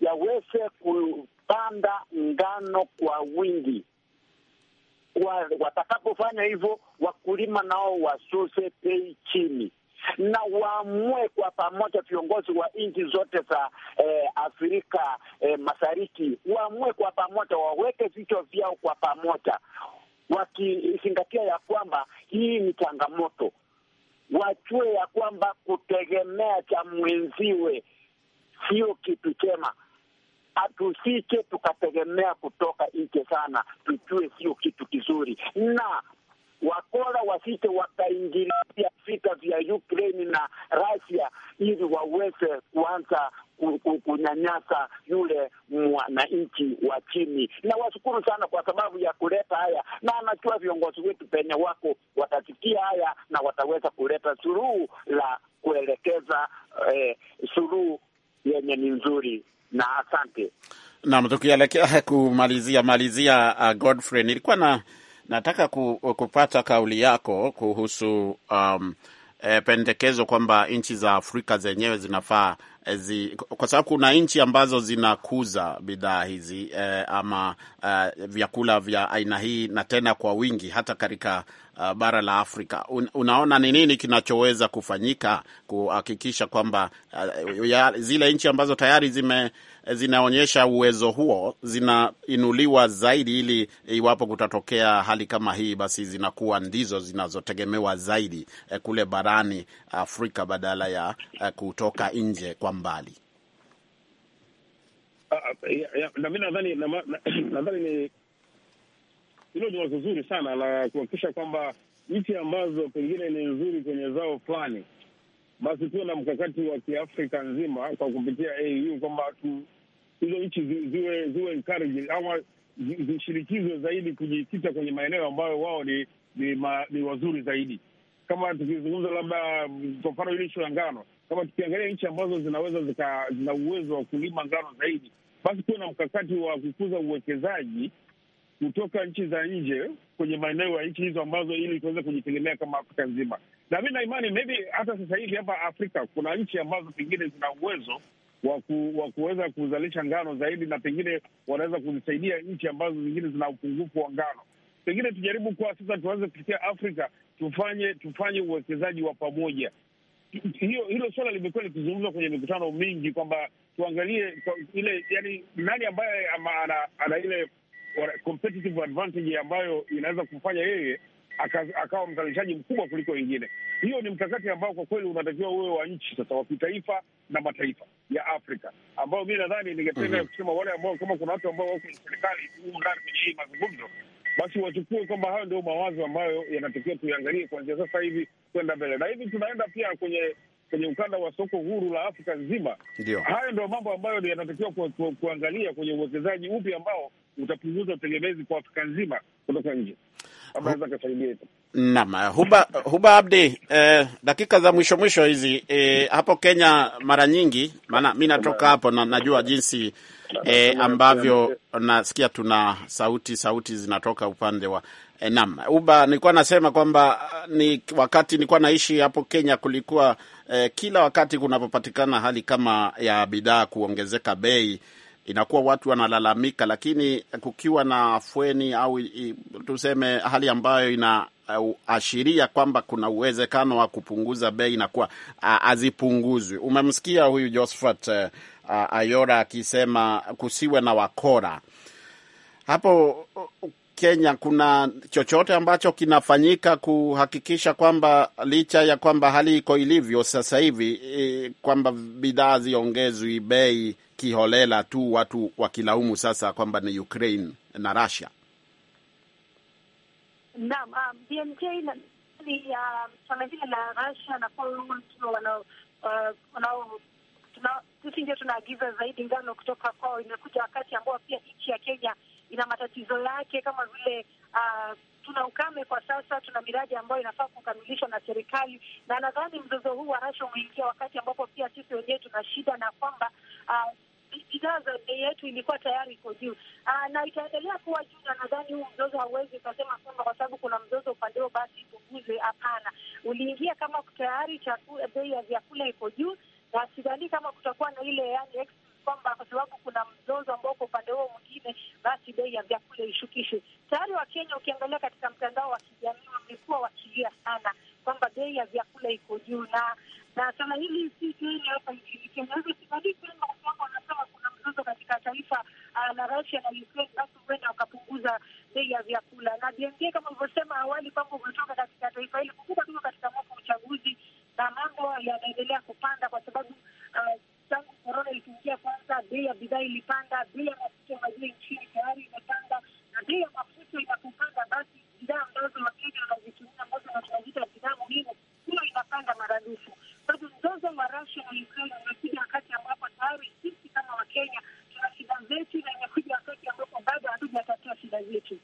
yaweze kupanda ngano kwa wingi. Watakapofanya hivyo, wakulima nao wasuse bei chini na waamue kwa pamoja, viongozi wa nchi zote za eh, Afrika eh, Mashariki waamue kwa pamoja, waweke vichwa vyao kwa pamoja, wakizingatia ya kwamba hii ni changamoto, wajue ya kwamba kutegemea cha mwenziwe sio kitu chema. Hatusike tukategemea kutoka nje sana, tujue sio kitu kizuri na wakora wasise wakaingilia vita vya Ukraine na Russia ili waweze kuanza kunyanyasa yule mwananchi wa chini. Nawashukuru sana kwa sababu ya kuleta haya, na anajua viongozi wetu penye wako watasikia haya na wataweza kuleta suluhu la kuelekeza eh, suluhu yenye ni nzuri, na asante. nam. tukielekea kumalizia malizia, uh, Godfrey nilikuwa na nataka ku, kupata kauli yako kuhusu um, e, pendekezo kwamba nchi za Afrika zenyewe zinafaa eh, zi, kwa sababu kuna nchi ambazo zinakuza bidhaa hizi e, ama e, vyakula vya aina hii na tena kwa wingi hata katika uh, bara la Afrika. Un, unaona ni nini kinachoweza kufanyika kuhakikisha kwamba uh, ya, zile nchi ambazo tayari zime zinaonyesha uwezo huo zinainuliwa zaidi, ili iwapo kutatokea hali kama hii, basi zinakuwa ndizo zinazotegemewa zaidi eh, kule barani Afrika badala ya eh, kutoka nje kwa mbali. Uh, na mi nadhani [clears throat] nadhani ni hilo ni wazo zuri sana la kuhakikisha kwamba nchi ambazo pengine ni nzuri kwenye zao fulani, basi tuwe na mkakati wa kiafrika nzima kwa kupitia AU kwamba hizo nchi ziwe ziwe encouraged ama zishirikizwe zaidi kujikita kwenye maeneo ambayo wao ni ni, ma, ni wazuri zaidi. Kama tukizungumza labda kwa mfano ile ishu ya ngano, kama tukiangalia nchi ambazo zinaweza zika, zina uwezo wa kulima ngano zaidi, basi kuwe na mkakati wa kukuza uwekezaji kutoka nchi za nje kwenye maeneo ya nchi hizo ambazo ili tuweze kujitegemea kama Afrika nzima. Na mi naimani imani maybe hata sasa hivi hapa Afrika kuna nchi ambazo pengine zina uwezo wa kuweza kuzalisha ngano zaidi, na pengine wanaweza kuzisaidia nchi ambazo zingine zina upungufu wa ngano. Pengine tujaribu kuwa sasa, tuanze kupitia Afrika, tufanye tufanye uwekezaji wa pamoja. Hiyo hilo suala limekuwa likizungumzwa kwenye mikutano mingi kwamba tuangalie kwa ile, yani nani ambaye ana, ana, ana ile competitive advantage ambayo inaweza kumfanya yeye akawa mzalishaji mkubwa kuliko wengine. Hiyo ni mkakati ambao kwa kweli unatakiwa uwe wa nchi sasa, wa kitaifa na mataifa ya Afrika, ambao mi nadhani ningependa mm -hmm. kusema wale ambao, kama kuna watu ambao wako serikali humu ndani kwenye hii mazungumzo, basi wachukue kwamba hayo ndio mawazo ambayo yanatakiwa tuiangalie kuanzia sasa hivi kwenda mbele, na hivi tunaenda pia kwenye kwenye ukanda wa soko huru la Afrika nzima. Hayo ndio mambo ambayo yanatakiwa ku, ku, kuangalia kwenye uwekezaji upi ambao utapunguza utegemezi kwa Afrika nzima kutoka nje. Naam, Huba Huba Abdi, eh, dakika za mwisho mwisho hizi eh, hapo Kenya mara nyingi, maana mi natoka hapo na najua jinsi eh, ambavyo nasikia tuna sauti sauti zinatoka upande wa eh, naam Huba, nilikuwa nasema kwamba eh, ni wakati nilikuwa naishi hapo Kenya kulikuwa eh, kila wakati kunapopatikana hali kama ya bidhaa kuongezeka bei inakuwa watu wanalalamika, lakini kukiwa na afweni au tuseme hali ambayo inaashiria kwamba kuna uwezekano wa kupunguza bei inakuwa hazipunguzwi. umemsikia huyu Josephat eh, Ayora akisema kusiwe na wakora hapo Kenya, kuna chochote ambacho kinafanyika kuhakikisha kwamba licha ya kwamba hali iko ilivyo sasa hivi e, kwamba bidhaa ziongezwi bei kiholela tu, watu wakilaumu sasa kwamba ni Ukraine na Russia? Naam, um, BMJ na um, swala hili la Russia na Poland uh, sisi ndio tunaagiza zaidi ngano kutoka kwao. Imekuja wakati ambao pia nchi ya Kenya ina matatizo yake kama vile uh, tuna ukame kwa sasa, tuna miradi ambayo inafaa kukamilishwa na serikali, na nadhani mzozo huu wa Russia umeingia wakati ambapo pia sisi wenyewe tuna shida na kwamba uh, bidhaa za bei yetu ilikuwa tayari iko juu ah, na itaendelea kuwa juu, na nadhani huu mzozo hauwezi ukasema kwamba kwa sababu kuna mzozo upande huo basi upunguze. Hapana, uliingia kama tayari bei ya vyakula iko juu, na sidhani kama kutakuwa na ile yani kwamba kwa sababu kuna mzozo ambao kwa upande huo mwingine, basi bei ya vyakula ishukishwe. Tayari Wakenya ukiangalia katika mtandao wa kijamii wamekuwa wakilia sana kwamba bei ya vyakula iko juu, na na swala hili si geni hapa nchini Kenya. Hivyo sidhani kwamba wanasema kuna mzozo katika taifa ah, la Russia na Ukraine, basi huenda wakapunguza bei ya vyakula. Na BMJ kama ulivyosema awali kwamba umetoka katika taifa hili, kumbuka tuko katika mwaka wa uchaguzi na mambo yanaendelea kupanda kwa sababu uh, tangu korona ilipoingia kwanza, bei ya bidhaa ilipanda, bei ya mafuta ya nchini tayari imepanda, na bei ya mafuta inapopanda, basi bidhaa ambazo Wakenya wanazitumia ambazo tunaziita bidhaa muhimu huwa inapanda maradufu. Basi mzozo wa Russia na Ukraine umekuja wakati ambapo tayari sisi kama Wakenya tuna shida zetu, na imekuja wakati ambapo bado hatujatatua shida zetu.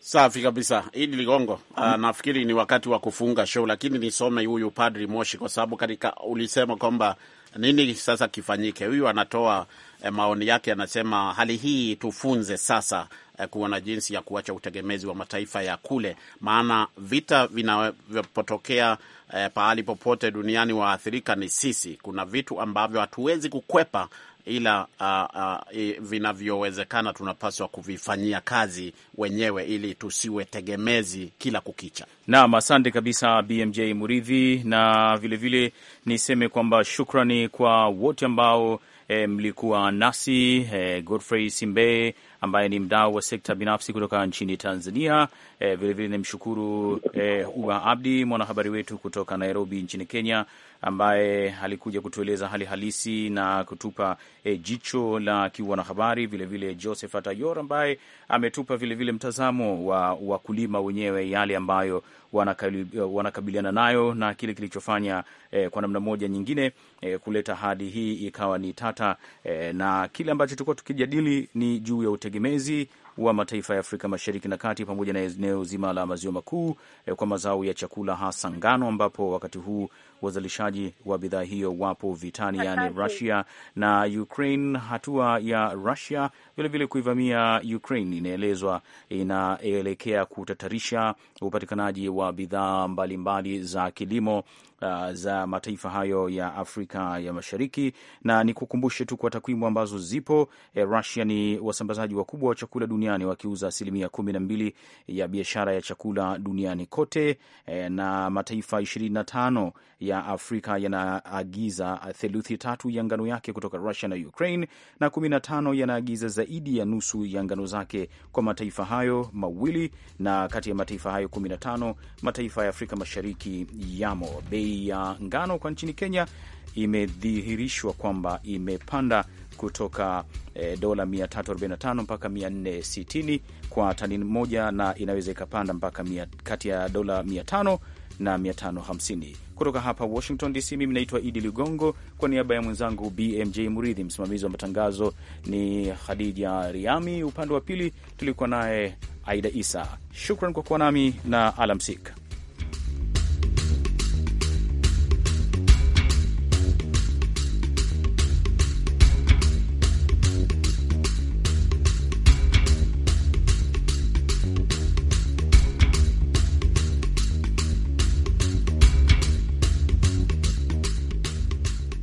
Safi kabisa, Idi Ligongo. Uh, nafikiri ni wakati wa kufunga show, lakini nisome huyu Padri Moshi kwa sababu katika ulisema kwamba nini sasa kifanyike? Huyu anatoa eh, maoni yake, anasema hali hii tufunze sasa eh, kuona jinsi ya kuacha utegemezi wa mataifa ya kule, maana vita vinavyopotokea eh, pahali popote duniani waathirika ni sisi. Kuna vitu ambavyo hatuwezi kukwepa ila uh, uh, vinavyowezekana tunapaswa kuvifanyia kazi wenyewe ili tusiwe tegemezi kila kukicha. Naam, asante kabisa BMJ Muridhi, na vilevile vile niseme kwamba shukrani kwa wote ambao E, mlikuwa nasi e, Godfrey Simbe ambaye ni mdau wa sekta binafsi kutoka nchini Tanzania. Vilevile nimshukuru e, Uba Abdi mwanahabari wetu kutoka Nairobi nchini Kenya ambaye alikuja kutueleza hali halisi na kutupa e, jicho la kiwanahabari, vilevile Joseph Atayor ambaye ametupa vilevile vile mtazamo wa wakulima wenyewe, yale ambayo eh, wanakabiliana nayo na kile kilichofanya e, kwa namna moja nyingine e, kuleta hadi hii ikawa ni tata e, na kile ambacho tulikuwa tukijadili ni juu ya utegemezi wa mataifa ya Afrika Mashariki na Kati pamoja na eneo zima la Maziwa Makuu e, kwa mazao ya chakula hasa ngano, ambapo wakati huu wazalishaji wa bidhaa hiyo wapo vitani, yani Rusia na Ukraine. Hatua ya Rusia vilevile kuivamia Ukraine inaelezwa inaelekea kutatarisha upatikanaji wa bidhaa mbalimbali za kilimo Uh, za mataifa hayo ya Afrika ya Mashariki. Na nikukumbushe tu kwa takwimu ambazo zipo, eh, Russia ni wasambazaji wakubwa wa chakula duniani wakiuza asilimia kumi na mbili ya biashara ya chakula duniani kote, eh, na mataifa ishirini na tano ya Afrika yanaagiza theluthi tatu ya ngano yake kutoka Rusia na Ukraine na kumi na tano yanaagiza zaidi ya nusu ya ngano zake kwa mataifa hayo mawili, na kati ya mataifa hayo kumi na tano mataifa ya Afrika Mashariki yamo. Bei ya ngano kwa nchini Kenya imedhihirishwa kwamba imepanda kutoka e, dola 345 mpaka 460 kwa tani moja, na inaweza ikapanda mpaka kati ya dola 500 na 550. Kutoka hapa Washington DC, mimi naitwa Idi Ligongo, kwa niaba ya mwenzangu BMJ Muridhi, msimamizi wa matangazo ni Khadija Riami, upande wa pili tulikuwa naye Aida Isa. Shukran kwa kuwa nami na alamsik.